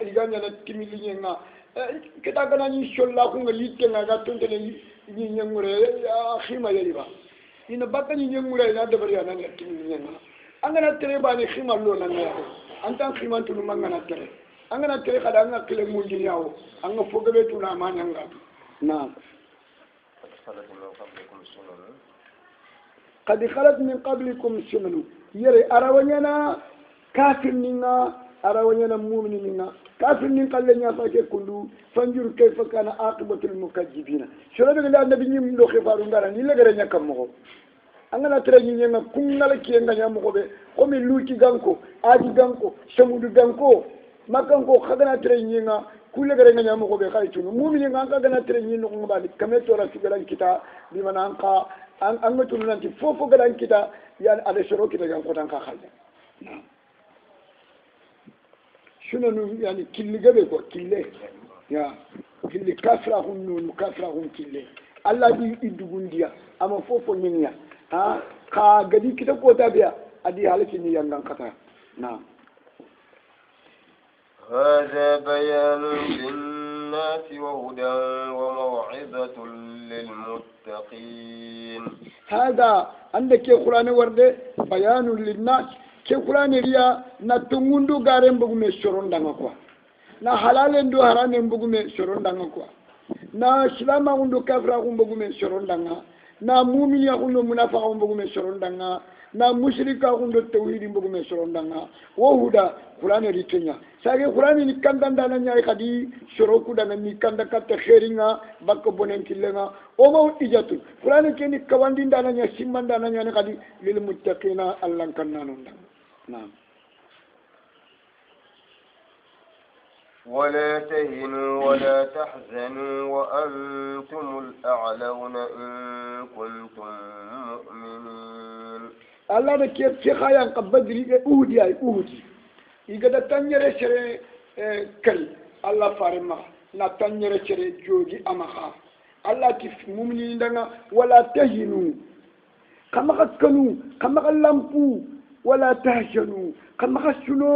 igañana timilingenga keta ganañi sollakunga yittenga ga tontene ñi ñengure a xima yeriba ina bakka ñi ñengure na dabari ananga timilingenga angana tere bani xima lo nangayako antan ximantunu mangana tere angana tere xada anga kile mundiniyawo anga fogeɓe tuna mañangatu naam قد خلت من قبلكم سنن يري أروانينا كافر منا أراوني أنا مؤمن منا كافر من قال لنا فاكي كلو فانجر كيف كان عاقبة المكذبين شو رأيك لأن النبي نيم لوخي فارون دارا نيلا غيرنا كم مغو أنا لا ترى نيم أنا كم نالكي أنا يا مغو بي قومي لوكي غانكو آجي غانكو شمود غانكو ما كانكو خدنا ترى نيم كل غيرنا يا مغو بي خالي تونو مؤمن يغان كغنا ترى نيم نغم بالي كمي تورا سيغلان كتا بمنا أنقا أنا تونو نانتي فوفو غلان كتا يعني على شروكي تجان قطان خالي نعم شنو يعني كل جبهة كله يا كل كافرهم نون كافرهم كله الله دي يدبون ديا أما فوفو منيا ها كا قدي كده كوتا بيا أدي حالك إني يندم كتا نعم هذا بيان للناس وهدى وموعظة للمتقين هذا عندك يا قرآن ورد بيان للناس ke kuraniriya na tungundu gare mbugume sorondanga quoi na halalen ndu harame mbugume sorondanga quoi na silamagundu kafiragun bugume sorondanga na muminiyagundo munafagun bugume sorondanga na mushrika hundo tauhidi mbugu mesoro ndanga wo huda qur'ani ritenya sage qur'ani ni kanda ndana nya ikadi shoro kuda na ni kanda ka tekhiringa bakko bonen tilenga o ma uti jatu qur'ani ke ni kawandi ndana nya simanda ndana nya ikadi lil muttaqina allan kannanu ndam naam ولا تهنوا ولا تحزنوا وأنتم الأعلون إن كنتم مؤمنين الله ده كيف في خيان قبضي أودي إيه، أي أودي يقدر تنجر شر إيه، كل الله فارم لا تنجر شر جودي أما الله كيف ممنين دعنا ولا تهينو كم قد كنو كم قد لامبو ولا تهجنوا كما خشنو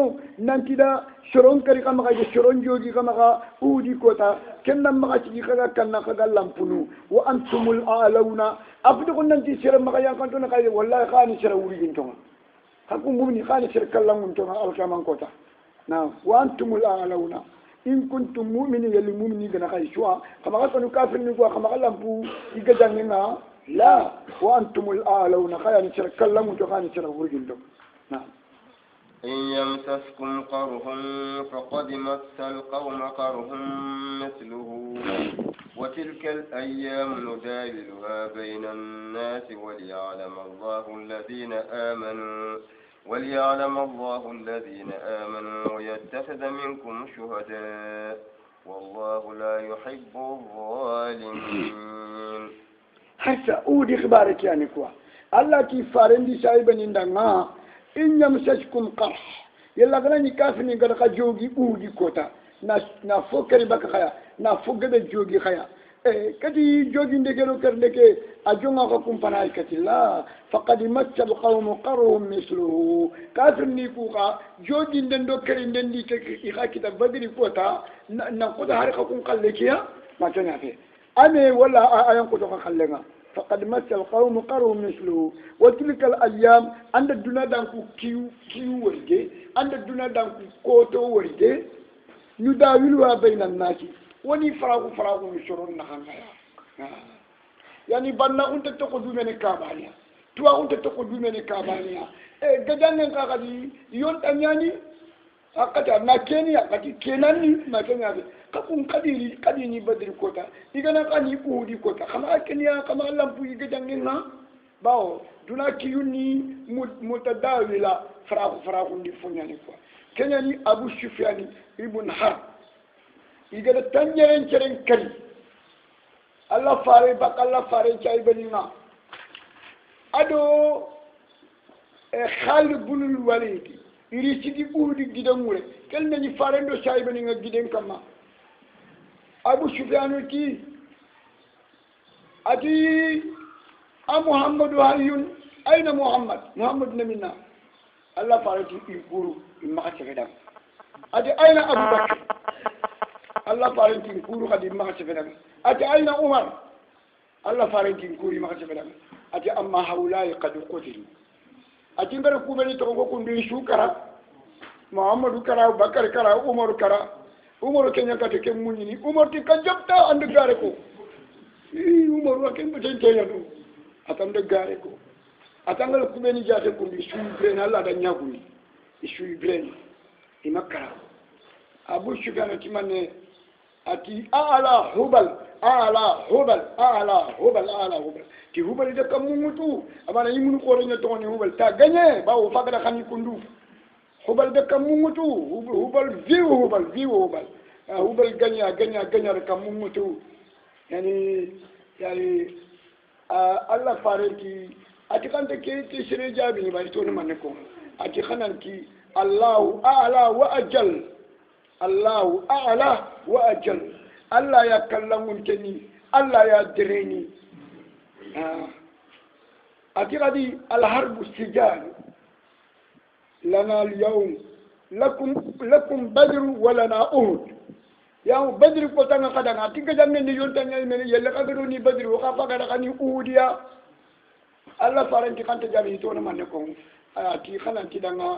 دا شرون كري كما غاي شرون جوجي كما غا اودي كوتا كن ما غاشي خا كن كغا لامبونو وانتم الاعلون ابدو نانتي شر ما غاي كنتو نكاي والله خاني شر وري جنتو خاكو مبني خاني شر كلام انتو الكمان كوتا نعم وانتم الاعلون ان كنتم مؤمنين يلي مؤمنين gana kai shuwa كما ga kanu kafin ni kuwa kama ga lampu iga لا وأنتم الآلون خيان شر كلموا تخان شر ورجلهم نعم إن يمسسكم قره فقد مس القوم قره مثله وتلك الأيام نداولها بين الناس وليعلم الله الذين آمنوا وليعلم الله الذين آمنوا ويتخذ منكم شهداء والله لا يحب الظالمين حس أودي خبرك يعني كوا الله كي فارندي سايب نيندانا إن يمسككم قرح يلا غلاني كافني غدا جوجي أودي كوتا نا نا فكر بك خيا نا فكر جوجي خيا إيه كدي جوجي نجرو كرنك أجمع قوم فنائك الله فقد مس القوم قرهم مثله كافر نيكوا جوجي نندو كرنندي كي خا كتاب بدري نا نا كده هاري قوم قال لك يا ما تنافي أني ولا أين قدوك خلنا فقد مس القوم قروا مثله وتلك الأيام عند الدنيا دانكو كيو كيو ورجي عند الدنيا دانكو كوتو ورجي نداولها بين الناس وني فراغ فراغ يشرون ya yani banna unta toko dumene kabaliya tuwa unta toko dumene kabaliya e gajangen ka yon tanyani akati na keni akati kenani na kenya kakun kadiri kadini badri kota igana kani kuudi kota kama kenya kama lampu na bawo duna kiyuni mutadawila faraku faraku ndi funyani kwa kenya ni abu sufyani ibn har igada tanyeren ceren kari alla fare bak alla fare cai beninga ado e khalid ibn walid iri sigi kuudi gidan wure kelna ni fare ndo cai beninga giden kama abu sufyanu ki ati a muhammadu hayyun aina muhammad muhammad namina allah parati i kuru i maxa sefedan ati aina abubakar allah parenti i kuru xadi i maxa sefedan ati aina umar allah parenti i kuru i maxa sefedan ati amma haulai qad qutilu ati ngara kumeni toxongo kundi sukara muhammadu kara bakar kara umaru kara umaru ke ñakkate ke muñini umaru ti kan jabta ande ko i umaru a ken beten teña ɗum atande ko atangal kuɓeni jate kumbi suyi birene allah ada ñaguni i suyi birene ima kara abou sufiane timanne ati ala hubal ala hubal ala hubal ala hubal ti hubal de kam mumutu amana yimunu kooroña togone hubal ta gagne bawo fagada xani ko hubal ɓe kam mummutu hubal viwo hubal viwo hubal hubal gagna gagna gagnata kam mummutu yani yani allah farenti ati kanta kete sere jaabini ɓay toni manne ko ati hananti allahu ala wa ajal allahu ala wa ajal allah ya kallagunteni allah ya dereni ati kadi alharbu sijanu لنا اليوم لكم لكم بدر ولنا أهد يا بدر فتنا قد أنا تيجي جامن نيجون من يلا كبروني بدر وخافا على غني أهد يا الله فارن تكانت جامن يتونا ما نكون أتي خلنا تدعنا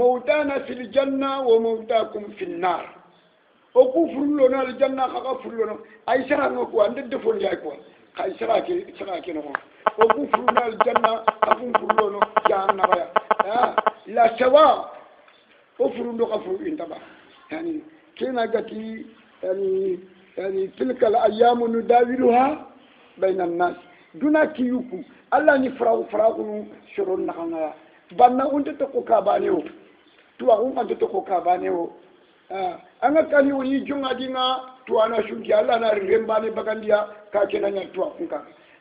موتانا في الجنة وموتاكم في النار أكو فرلونا الجنة خاف فرلونا أي سرعة نكو عند الدفن جايكو أي سرعة سرعة كنوع أكو فرلونا الجنة خاف فرلونا جانا يا آه. la sawa o furu ndo ka furu intaba yani kina gati yani yani tilka al ayyamu nudawiluha bayna an-nas duna kiyuku alla ni faraw faraw shurun na kana banna unta to ko ka bane o tuwa un to ko ka bane o an ga kali woni junga dinga tuwa na shunki alla na rembane bagandiya ka kenanya tuwa kun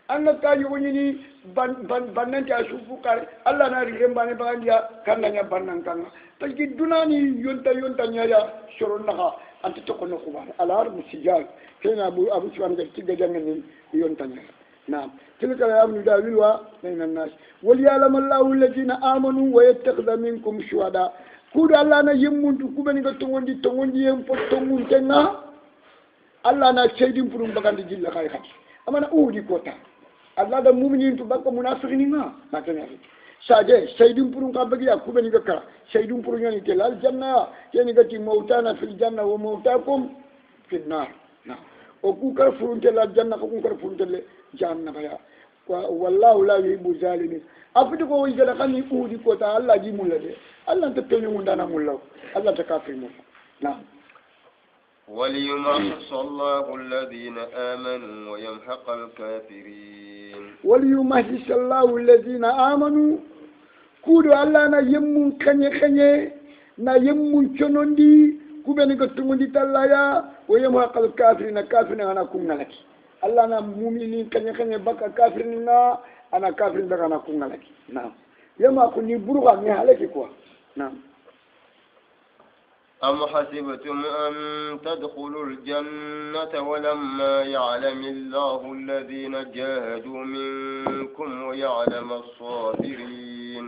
an ka kaji wani ni bannan ta su fukar allah na rigen bane bayan ya kan nan ya bannan kan ka tsaki duna ni yunta yunta ya ya shirin na ha an ta tukun na kuma musu musijar sai na abu shi wani da cika jan ne yunta ne na tilka ya abu dalilwa na yi nan nashi wali ya lama lawun laji na amonu wa ya ta zamin kuma shuwada ku da allah na yin mutu kuma ni ka tungun di tungun di yin tungun ten na allah na shaidin furun bakan da jilla kai kai amana uhu di kota allah da muminin tu baka munafiqin nga makanya saje shaydun purun ka bagi ya kubeni ga kara shaydun purun yani ke lal janna yani ga ti mautana fil janna wa mautakum fil nar na o ku kar furun te lal janna ko ku kar furun te janna ba ya wallahu la yuhibbu zalimin afiti ko wigala kani uudi kota allah ji mulla de allah nta peñugu dana mullaw allah ta kafir mum nam وليمحص الله الذين آمنوا ويمحق الكافرين waliyumahisa llahu alladhina amanu kuuɗo allah na yemmum kañe kañe na yemmum conondi kuɓeni ko tumundi tallaya o yemu haqqal kafirina kafirina ana kumngalaki allah na muminin kañe kañe bakka kafirina ana kafirin baka ana kumngalaki nam yema ko ni buruga mi halaki quoi nam أم حسبتم أن تدخلوا الجنة ولما يعلم الله الذين جاهدوا منكم ويعلم الصابرين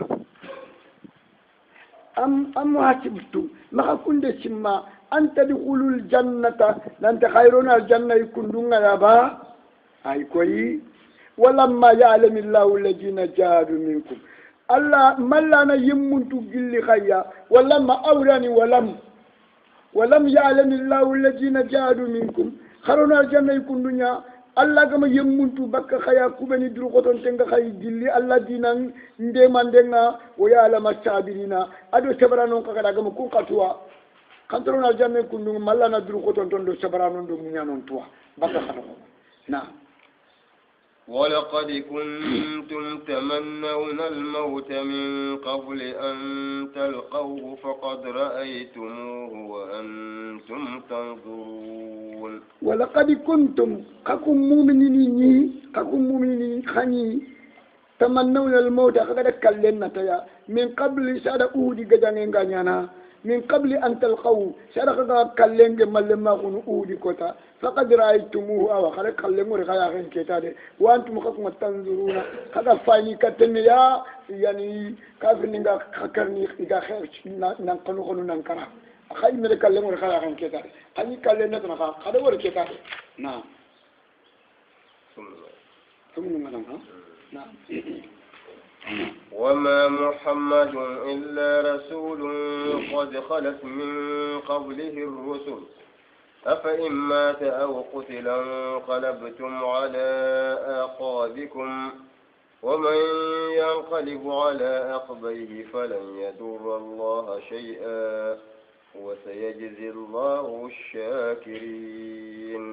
أم أم حسبتم ما كنت سما أن تدخلوا الجنة لأن تخيرون الجنة يكون دون غلبا أي كوي ولما يعلم الله الذين جاهدوا منكم الله ما لنا يمنتو جل خيا ولما أوراني ولم walam yalami llahu alladina jahadu minkum harona aljannayi kunduña allah gama yemmuntu bakka haya kuɓeni durkoton tenga hay gilli allah dinan ndemandenga wo yalama sabirina aɗo sabara noon kakaɗa gama kun ka tuwa kantorona aljannayi kunduga mallana durkoton ton ɗo sabara noon ɗo muña noon tuwa bakka hatoxoma na ولقد كنتم تمنون الموت من قبل أن تلقوه فقد رأيتموه وأنتم تنظرون ولقد كنتم ككم مؤمنين ككم مؤمنين خني تمنون الموت كلنا من قبل سادة أودي قدنا من قبل أن تلقوا غاب كلنج ملما ما خن أودي كوتا فقد رأيتموه أو آه، خلق كلنج ورخايا خن كتاد وأنتم خصم تنظرون هذا فاني كتنيا يعني كافر نجا خكرني إذا خير ننقلو خنو ننكره أخي من كلنج ورخايا خن كتاد نتنا خا نتنخا هذا ور كتاد نعم ثم ثم نعم وما محمد إلا رسول قد خلت من قبله الرسل أفإن مات أو قتل انقلبتم على آقابكم ومن ينقلب على عقبيه فلن يضر الله شيئا وسيجزي الله الشاكرين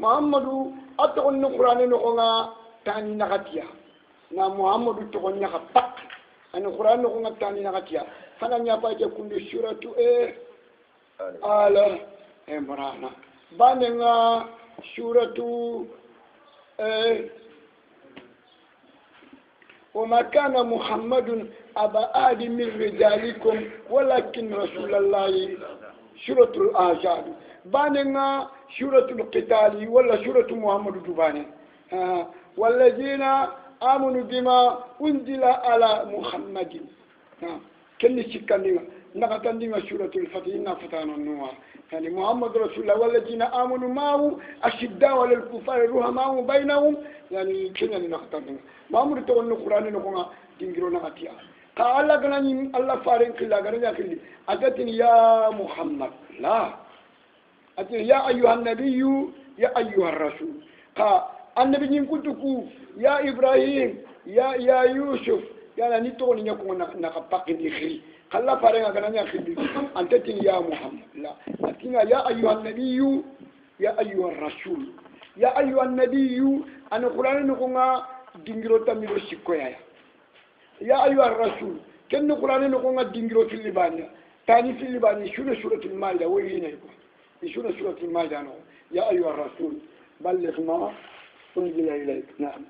محمد أتقن القرآن نقونا تاني نغتيا na muhammadu togo ñaha pak ani qouran nogonga tani nahatiya hana ñafaje kunde suratu e ala imrana bandenga suratu e وما كان محمد أبا آد من رجالكم ولكن رسول الله سورة الأعزاب باننا سورة القتال ولا سورة محمد جباني آه والذين آمنوا بما أنزل على محمد نعم كل شكل نغتن نعم، ديما سورة الفتح إنا فتحنا النوار يعني محمد رسول الله والذين آمنوا معه أشداء على روح معه بينهم يعني كنا نغتن نعم، ديما ما أمر تقول القرآن نقوم دينجرو نغتيا نعم، قال لنا الله فارن كلا غرنا كلي أتتني يا محمد لا أتني يا أيها النبي يا أيها الرسول قال annabi ñin kutuku ya ibrahim ya ya yusuf yala ni n'a ñakongo naka pakkindi xiri xalla nga gana ña xindi anta tin ya muhammad la atinga ya ayuha nabiyyu ya ayuha rasul ya an qur'an ni ko nga dingiro tamiro sikko ya ayuha rasul ken ni ko nga dingiro fillibaniya tani fillibani sune suratul maida woyinayi ko isuna suratul maida no ya ayuha rasul balligh ma أنزل إليك نعم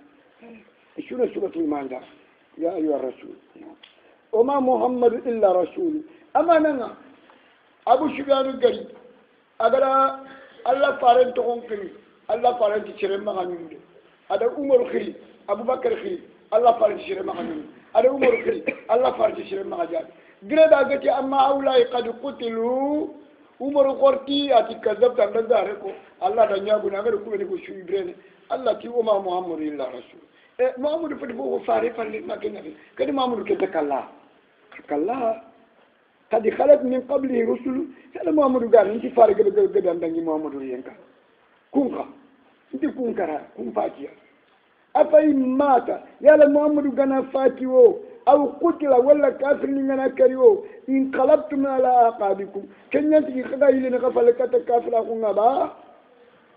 شنو سورة المائدة يا أيها الرسول وما محمد إلا رسول أما نعم أبو شبيان القري أقرأ الله فارن تقوم قري الله فارن تشرم مغانون هذا عمر خري أبو بكر خري الله فارن تشرم مغانون هذا عمر خري الله فارن تشرم مغانون قرأ أما أولئك قد قتلوا umaru korti ati kazabta nda dare ko allah da nyagu na ngare kubeni ko shuibrene allah ti woma muhammadu illa rasul e eh, muhammadu foti fof ko faare falle makke nabi kadi mamadou kedde kalla kalla kadi halat min qablihi rusulu saɗa mamadou ga nti faare geɗe geɗe geɗe an dangi mamadou yenka kunka nti kunkara kun fatiya afay mata yala mamadou gana fati o aw kutila walla kafirni ngana kari o in kalabtum ala aqabikum kenyantigi kaga yilini ka falle kata kafira kunga ba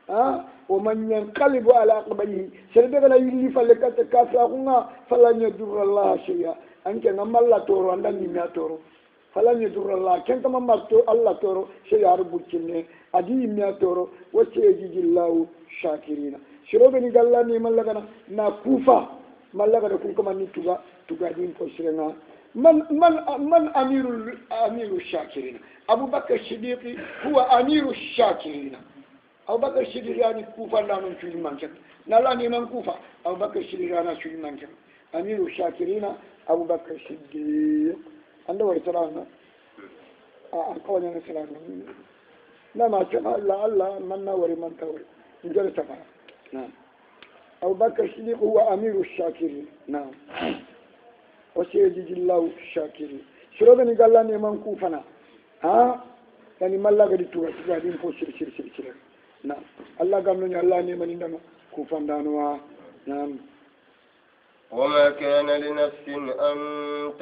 a ومن ينقلب على عقبيه سربغلا يلي فلكت كافرهما فلن يضر الله شيئا أنك نما الله تورو أنك نما تورو فلن يضر الله كنت ما الله تورو شيء عرب كنه أدي نما تورو وسيجزي الله شاكرين شروبني قال الله نما لغنا نكوفا ما لغنا كنكم أني تبا tugadin ko shirana man man man shakirina abu bakar huwa amiru shakirina abu bakar shidiqi kufa la non tuli manke la la man kufa abu bakar shidiqi ana tuli manke amiru shakirina abu bakar shidiqi anda war tarana a an ko ne salamu na ma ce ma la alla man na wari man tawu injira safa na abu huwa amiru shakirina na وسيجزي الشاكرين سورة نقال لنا من كوفنا ها يعني ما الله قد توا دين فو سير سير سير نعم الله قام لنا الله نعمل عندما كوفنا دانوا نعم وما كان لنفس أن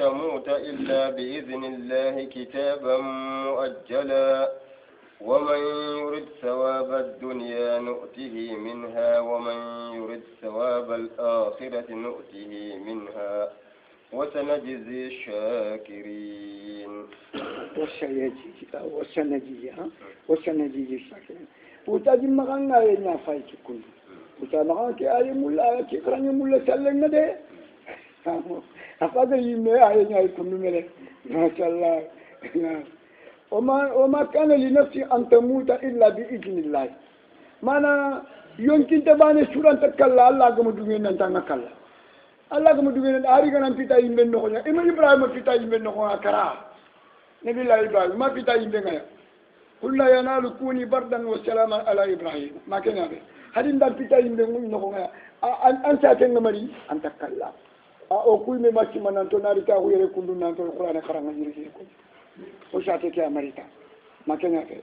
تموت إلا بإذن الله كتابا مؤجلا ومن يرد ثواب الدنيا نؤته منها ومن يرد ثواب الآخرة نؤته منها وسنجزي الشاكرين وسنجزي ها وسنجزي الشاكرين وتاجي مغنى يا فايت كل وتاجي كي اي مولا كي كراني مولا سلنا ده [LAUGHS] افاضل يمي يا كم ملي ما شاء الله [LAUGHS] وما وما كان لنفسي ان تموت الا باذن الله ما أنا يمكن تباني سوره تكلا الله كما دوين انت كلا Allah ko mudu ngene ari ganam pita yimbe noko nya ima ibrahim pita yimbe noko akara nabi allah ibrahim ma pita yimbe ngaya kullu yanalu kuni bardan wa salaman ala ibrahim ma kenya be hadi ndan pita yimbe ngun noko ngaya an ta ken ngamari an takalla a o oh, kuy me machi manan to nari ka hu yere kundu nan to qur'an akara ngi yiri ko o oh, shate ke amarita ma kenya be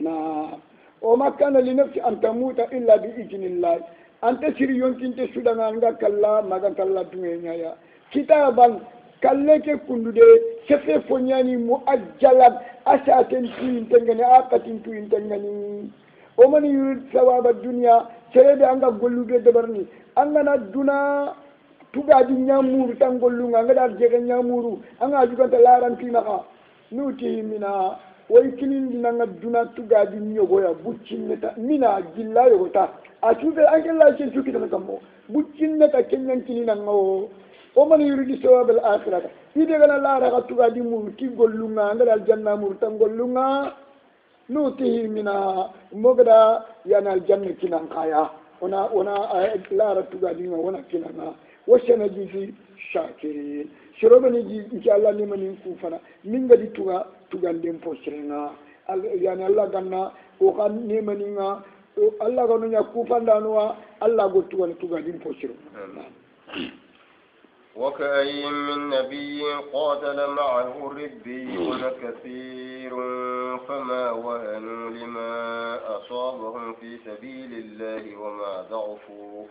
na o oh, makkana li nafsi an tamuta illa bi idnillah anta siri yonkinte sudanga anga kalla maga kalla tunge nyaya kitaban kalle ke kundude sefe fonyani muajjalan asa ten tuintengani akatin tuintengani omani yurid sawaba duniya serebe anga gollude debarni angana duna tugadi ñamuru tan gollunga angada jege ñamuru anga juganta larantinaka nuti mina woy kilindi nanga duna tugadi ñogoya buccinneta mina gilla yogota a cuuɓe ankella sen cukkitana kammo buccinneta kenñan kininanga o o mana yuridi sewabel akhirata idegana laaraka tugadi mum ki gollunga angada aljanna murta gollunga nutihi mina mogada yana aljanna kinan kaya ona ona laara tugadima wona kinanga wo senajiji shakirin siroɓeniji inchallah nimanin ku fana min di tuga tugandin posiringa yani allah ganna oxa nemaninga allah ganoña kufandanuwa allah go tugani tugandin posiringa وكأي من نبي قاتل معه الربيون كثير فما وهنوا لما أصابهم في سبيل الله وما ضعفوا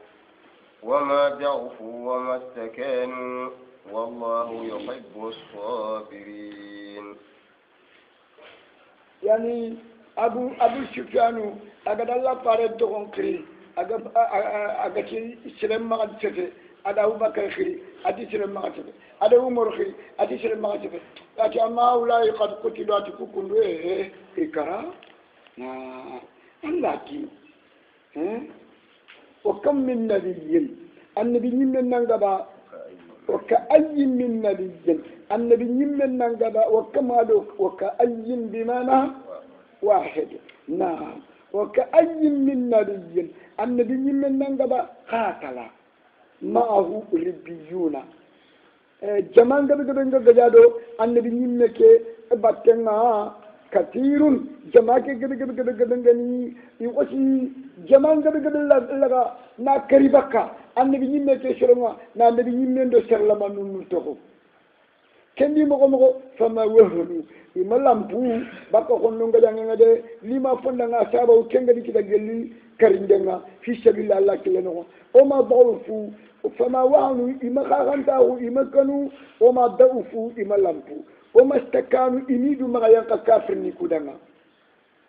وما ضعفوا وما استكانوا والله يحب الصابرين يعني أبو أبو سفيان أجد الله بارد دون كري أجد أجد سلم ما قد سفه أدا هو بكر خري أدي سلم ما قد سفه أدا عمر خري أدي سلم ما قد سفه لكن أما أولاي قد قتلوا تكون إيه إكرا نعم لكن وكم من نبي النبي من نعبا وكأي من نبي annabi ñimmen nangada wakka maɗo wakka ayin bimana wahid naam ka ayin min nabiyin annabi ñimmen nangaba hatala maahu ribbiyuna jaman gaɓe gaɓe gaggaja ɗo annabi ñimme ke battenga katirun jama ke gaɓe gaɓe gaɓe gaɓe gani i wasi jaman gaɓe gaɓe laga na kari bakka annabi ñimme ke seronga na annabi ñimmen ɗo serlama nunnul toho kendi mogo mogo fama wehlu ima lampu baka honno ngaƴanganga de lima fondanga sabaw kengadi kita gelli karindenga fi sabilla allah kille nogo oma daufu fama wahnu ima kakantaku ima kanu oma daufu ima lampu oma stakanu imidu maga yanka kafirni kudanga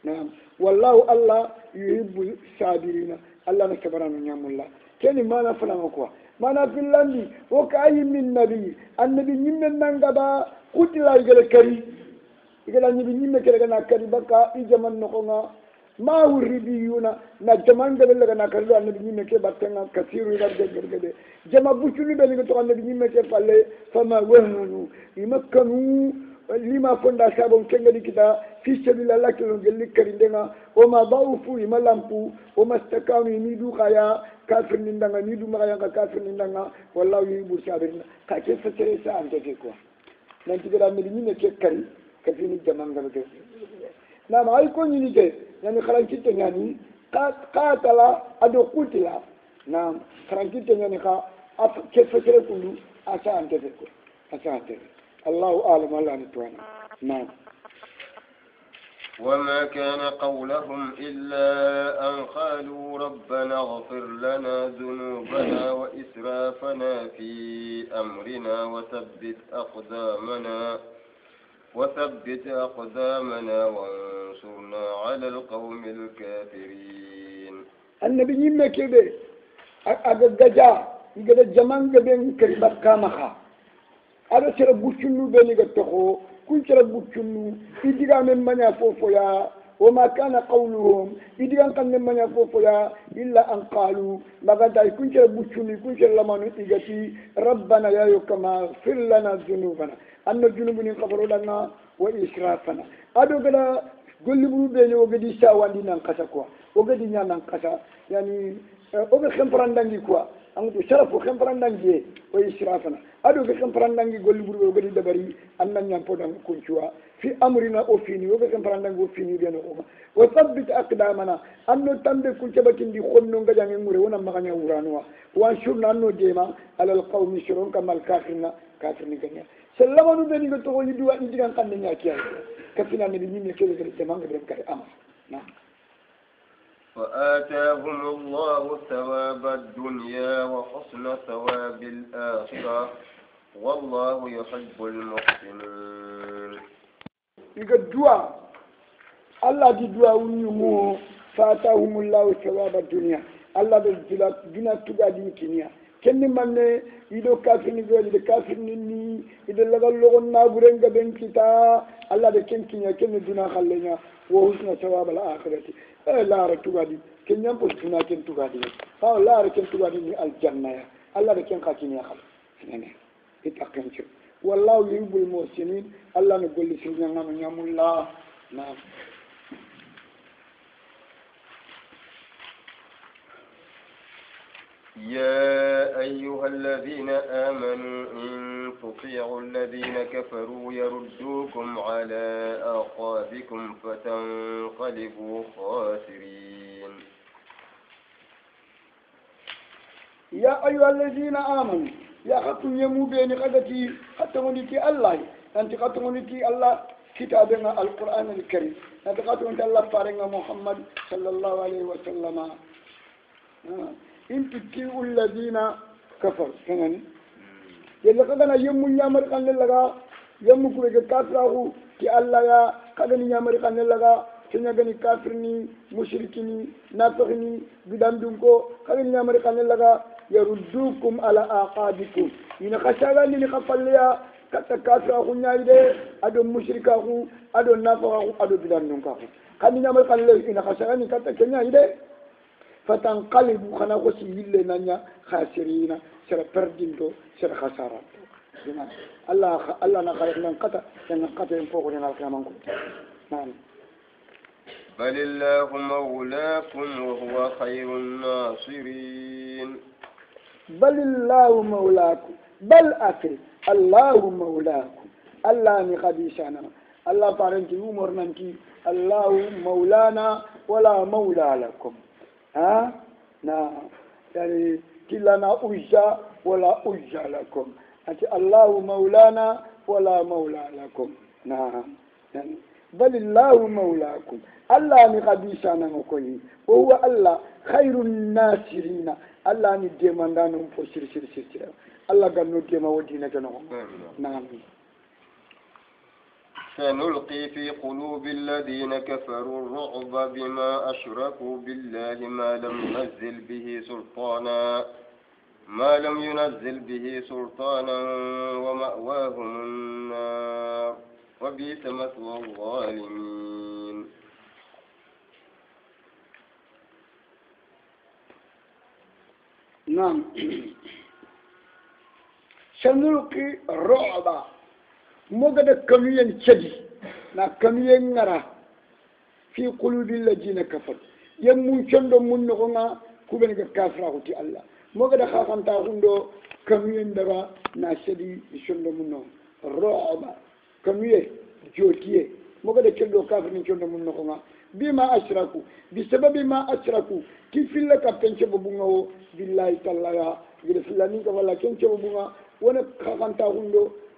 nam wallahu allah yuhibu sabirina allah na sabarano ñamulla keni mana fananga quoi mana fillandi wo ka ayi min nabi annabi ñimme nangaba kutila igele kari igela ñibi ñimme kere gana kari bakka i jaman noxonga ma wurridiyuna na jaman gebe lagana kari do annabi ñimme ke battenga kasiru igar degergede jama buccunu ɓeniga toxo annabi ñimme ke falle fama wahanu imakkanu lima fonda sabon kengedi kita fi sabila allah kelon gelli karindenga oma daufu ima lampu o ma oma stakanu imi dukaya kafir nindanga ni dumakayanga kafir nindanga wallahu yuhibu sabirina ka ke fasere sa ante ke quoi nanti gara miri ñine ke kari ka ni jama kafini jamangara de nama ay ko ñini ke ñani xarancitte ñani qaatala ado qutila nam xarancitte ñani xa a ke fasere kundu a sa ante ke quoi a sa ante ke الله أعلم هل أنتوانا نعم وما كان قولهم إلا أن قالوا ربنا اغفر لنا ذنوبنا وإسرافنا في أمرنا وثبت أقدامنا وثبت أقدامنا وانصرنا على القوم الكافرين النبي يما كده أجد جا يقول الجمان قبين كريبات كامخا aɗa sera guccunnu ɓeniga toxo kuncera guccunnu i digamen maña fofoya wama kana qawluhum i digan kan nen maña fofoya illa an qalu maganta kuncera kun kuncera lamanu igati rabbana ya kama fir lana zunubana anna junubu nin kafaroɗanga wa israfana aɗo gada golliburu ɓeñe o gadi sawandi nan kasa quoi o gadi ña kasa yani eh, oɓe xemparandangi quoi angutu sharafo kemparanndangie o israfana aɗoke kemparanndangi golli burbe ɓe gadi dabari annan ñampoɗan kunchuwa fi amrina o fini woke kemparanndangi o fini o ma wa sabbit aqdamana annu tambe kuncaɓatindi honno gajange mure wona maganya wuranwa wa shurna anno jema alal qawmi shurun kamal kafirna kafirni gaña so lamanu ɓeni go togoñi ka fina kamne ne ni ñimme kele kede manga ɓen ka ama na فآتاهم الله ثواب الدنيا وحسن ثواب الآخرة والله يحب المحسنين يقدوا الله دعوا ونمو فآتاهم الله ثواب الدنيا الله بالجلا دنا تقادين كنيا kenni manne ido kafirni goji de kafirni ni ido lagal logon naburenga ben kita allah de kenkina kenni duna khallenya wo husna thawab al akhirati e eh, laara tugaɗi ke ko duna ken tugaɗi di. haw laara ken di ni ya. allah da ken ka kiniya xal nene itaqen ci wallahu yubul muhsinin allah ne golli ñamul la na. يا أيها الذين آمنوا إن تطيعوا الذين كفروا يردوكم على أعقابكم فتنقلبوا خاسرين يا أيها الذين آمنوا يا خطم يمو بين غدتي خطمونيكي الله أنت خطمونيكي الله كتابنا القرآن الكريم أنت خطمونيكي الله فارنا محمد صلى الله عليه وسلم آه. in tutti ulladina kafar kangani yalla kagana yemmu ñamari kanne laga yemmu kureke kafiraku ki alla ya kagani ñamari kanne laga keñagani kafirni mushrikini nafakini dum ko kagani kan kanne laga yaruddukum ala aqabikum ina ni ka falleya katta kafiraku ñayi de aɗo mushrikaku aɗo dum ka ku kaku kandi ñamari kanne le ina ni kata kenya ide فتنقلب خنا غسي لنانيا خاسرين سر بردينتو سر خسارات الله الله نخير من قتا من قتا فوق لنا الكلام نعم بل الله مولاكم وهو خير الناصرين بل الله مولاكم بل أكل الله مولاكم الله نخديشانا نعم. الله فارنتي أمور نمكي الله مولانا ولا مولى لكم ha na yani kila na uzza wala uzza lakum ati allahu maulana wala maula lakum na yani bal allahu maulakum allah ni kabisa na ngokoyi wa huwa allah khairun nasirina allah ni demandano fo sir sir sir allah ganno dema wodina tanogo naami سنلقي في قلوب الذين كفروا الرعب بما أشركوا بالله ما لم ينزل به سلطانا ما لم ينزل به سلطانا ومأواهم النار وبئس مثوى الظالمين نعم سنلقي الرعب mogada kanuyen cadi na kanuyen ngara fi qulubi alladina kafar yen mun condo mun nogonga kuɓene ga kafrahuti allah mogada hakanta hundo kanuyen daga na cadi condo mun no roba kanuye jotiye mogada condo ni condo mun nogonga bima ashraku bisababi ma ashraku ki filla ka penche bubunga o billahi tallaya gede filla ninka walla kenche bubunga wona hakanta hundo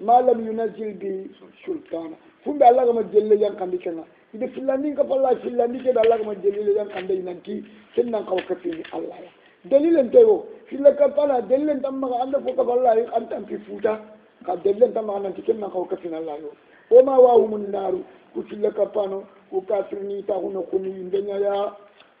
ma lam yunazil bi sultana fumbe allah gama jelle yan kandi kenga ide fillandin ka falla fillandi keɓe allah gama jellile yan kande nanti sen nan kawa katini allah ya dalilen tewo filla ka fala dalilen tan maga anda fo ka falla an tan fi futa ka dalilen tan maga nanti ken nan kawa katini allah yo o ma wa wawumun naaru ku filla ka pano ku kafirni taxuno kuni ndeñaya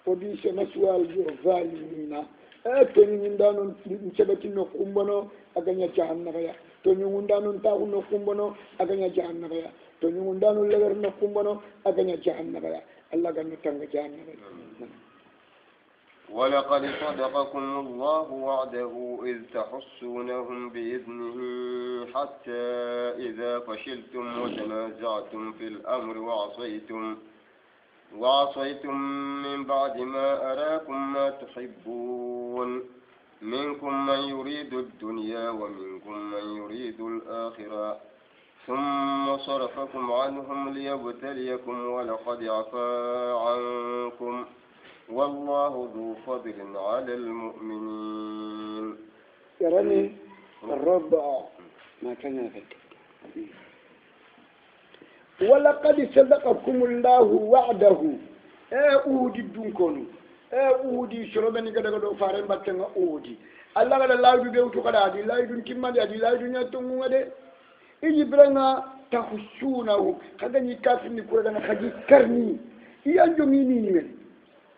odi sena suwal yo valimina e teni ñin danon ceɓatinno kumbono a gaña cahannaxaya to ñugundanun taxuno kumbono aganya gaña jahannabaya to ñugundanun lewerno kumbono aganya gaña jahannabaya allah gannu tanga jahannabaya ولقد صدقكم الله وعده إذ تحسونهم بإذنه حتى إذا فشلتم وتنازعتم في الأمر وعصيتم وعصيتم من بعد ما أراكم ما تحبون منكم من يريد الدنيا ومنكم من يريد الآخرة ثم صرفكم عنهم ليبتليكم ولقد عفا عنكم والله ذو فضل على المؤمنين يرني الرب ما كان يفكر ولقد صدقكم الله وعده أه، اودي الدنكون E, uudi soroɓeni gada gaɗo faren battenga uudi allah gaɗa laydu ɓe wutu kaɗa adi laydun timmade adi laydu ñattonguga de iji biranga tahusunahu kagañi kafirni kuragana haji karni iyan jongi nini men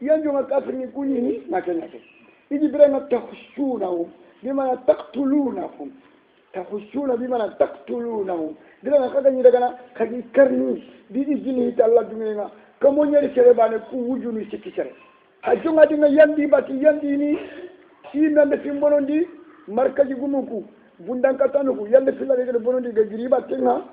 iyan jonga kafirni kuñini nakenake iji biranga tahusunahu bimana taktulunahum na bimana taktulunahum biranga kagañi dagana haji karni bi isinihi ta allah jungenga kamoñeri sere bane ku wujunu sikki sere hay congadi nga yandi bati yandini sinande fimbonondi markaji gumuku bundankatanuku yande fillaregede bonondi ga giriba tenga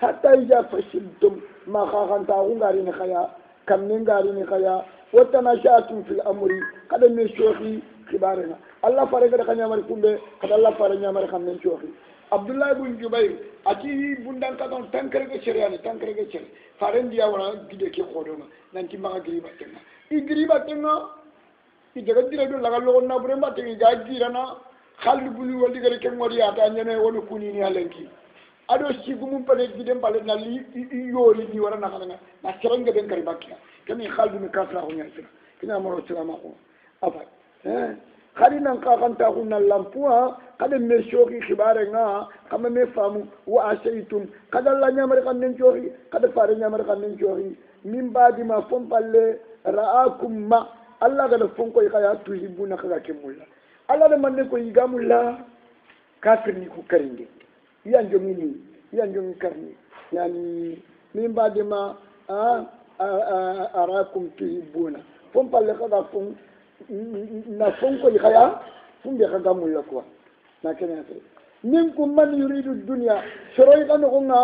hatta ija fashidum ma hahantaku ngarini haya kamme ngarini haya watanashatum fil amri kada me soohi kibarina allah faregede ka ñamari kumbe kada allah fara nya kam men coohi abdullah ibn jubayr ati bundankatan tankerege cereyani tankerege cere faren ndiya wala gide ke hoɗonga nanti maga giriba tenga igiri batenga ijaga jira do laga logo na bure batenga ga jira na khalli bulu wali gare ken wari ata nyane woni ni alenki ado sigumum pale gidem pale na li yori ni wara na kana na seranga ben kari bakya kami khalbi me kasra ho nyal sira kina maro sira ma ko afa eh khali nan ka kan ta kunna lampua kada me shoki khibare nga kama me famu wa asaitum kada la nyamar kan den chori kada fare nyamar kan den chori min badi ma fom palle ra'akum ma allah gana fonko i kaya tuhibuna kaga ke mulla allah da manne ko yiga mulla kafir ni ku karinde iyan jongi ni iyan jongi karni yani min ma a arakum tuhibuna fon palle kaga fon na fonko i kaya fon be kaga mulla ko na kene fe minkum man yuridu dunya shoroy kanu kunga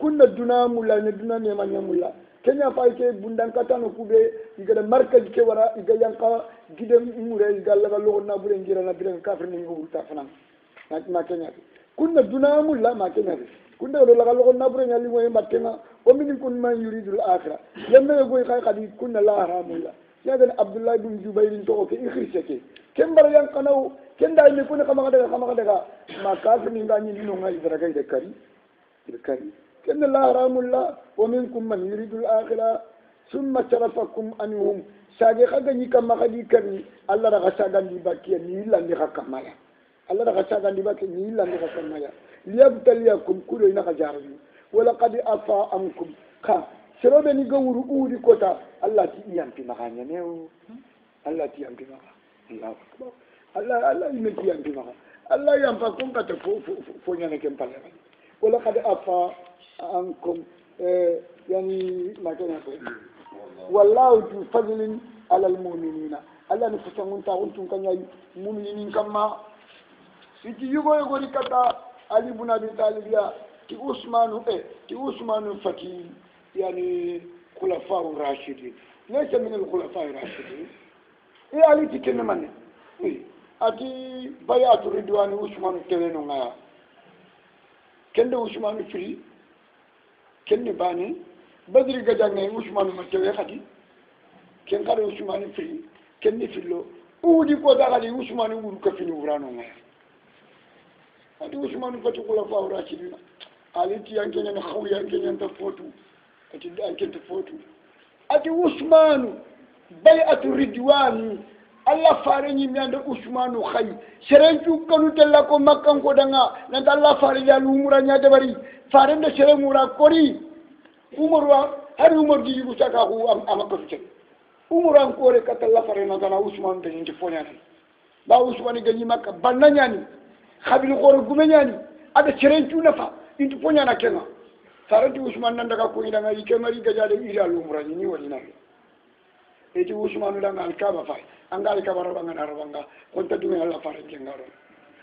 kunna duna mulla ne duna ne manya mulla kenya fa ke bundan katano kube igada marka ke wara iga yanka gide mure iga laga logo na bure ngira na bire kafir ni ko ta fana na ma kenya kunna dunamu la ma kenya kunna do laga logo na bure nyali ma matkena o min kun man yuridul akhirah yamma go kay kadi kunna la haramu la yadan abdullah bin jubair to ke ikhrisa ke ken bar yan kanau ken da ni kun kama daga kama daga ma kafir ni ngani no ngai daga kari kari كأن الله رام الله ومنكم من يريد الآخرة ثم صرفكم عنهم sage xa gañi kamma xadi karni allah raxa sagandi bakke ni yillandi xa kammaya allah raxa sagandi bakke ni yillandi xa kammaya liyabtaliyakum kuɗoyna xa jarani wala kadi afa ankum xa seroɓe ni ga wuru uudi kota allah ti iyampimaxa ñanewo allah ti yampimaxa allahu akbar allah allah ime ti yampimaxa allah yampa kon kata fo fo fo ñaneken palerani wala kadi afa ankum yani magana ko wallahu ju fadlin ala almu'minina alla ni fusan mun ta untun kan yayi mu'minin kamma siji yugo yugo ni kata ali ibn abi talib ya ti usmanu e ti usmanu fati yani khulafa rashidin laysa min alkhulafa rashidin e ali ti kenna manne ati bayatu ridwani usmanu telenu ngaya kende usmanu firi kenni bani badri gajangayi usmanu ma tewe hadi ken kada usmani fili kenni fillo uwudi kota kadi usmani wuru ka fini wuranonga Ati usmanu fati kula fa wuracidina aliti yankeñani haw yankeñanta fotu ati ankenta fotu ati usmanu bayatu ridwanu allah farenñi miyande usmanu hay serencu kanutella ko makkankoɗanga nanta allah fare jalu umura ñadebari farende mura kori umaru har umar di yugu sakaku amakatu ceg umaru an kore katalla fare nantana usmanu dañinti foñani ba usmani gañi makka banna ñani habil koro gume ñani aɗa serencu nafa inti foñana kenga farenti usmane nandaga koñiɗanga i kengari gajade iri alumurañi ni wani na. eti usman ulang ngal kaba fay angal kaba ro ngana ro nga kon ta alla fare jengaro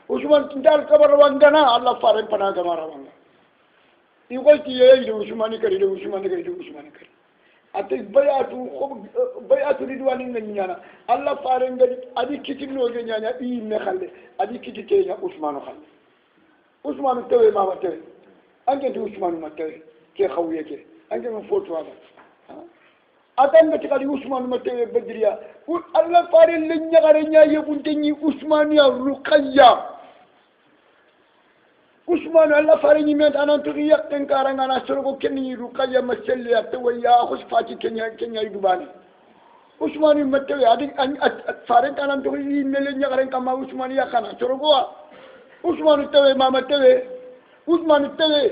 usman tinda kaba ro ngana alla fare pana kaba ro i ko ti ye de usman ikari de usman ikari de usman ikari ate bayatu khob bayatu ridwani ngani nyana alla fare ngadi adi kiti no nyanya i me khalle adi kiti kitike ya usman khalle usman tewe ma wa tewe anke du usman ma tewe ke khawye ke anke mo fotu aba አጠን ተቀሪ ኡስማን መተየ በድሪያ አላህ ፋሪልኝ ቀረኛ የቡንተኝ ኡስማን ያሩ ቀያ ኡስማን አላህ ፋሪኝ መጣናን ትሪያ ተንካራና ናስሮ ከኒ ይሩ ቀያ መሰል ያተ ወያ አኹስ ፋቺ ከኛ ከኛ ይዱባን ኡስማን መተየ አዲ ፋሪን ታናን ትሪ ይነለኝ ቀረን ቀማ ኡስማን ያካና ቸርጎዋ ኡስማን ተወይ ማመተየ ኡስማን ተወይ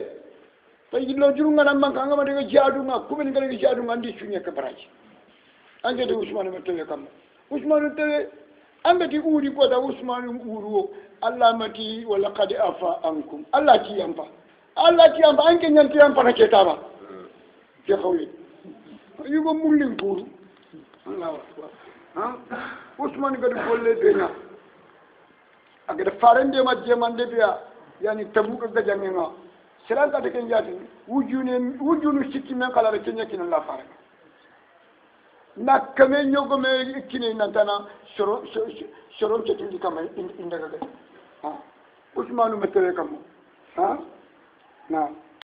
fay jillo jurungan amanka angama dego jaadunga kumen ngalege jaadunga andi cuñe kebaraji angede usmane mo tewe kamma usmane tewe angati uuri boda usmane uuru o allah mati walakad afa ankum allah tiyampa allah tiyampa anke ñantiyampa na cetaba ke xawle yugo mulling kuuru allah usmane gadi golle beña aga de farendema jemande beya yani tabuga gajangenga siran tati ken jati wujune wujunu sikki men kalare kenya kina la fare na kame nyogo me kine nantana shoro shoro cheti ndi kama indaga ha usmanu mesere kamo ha na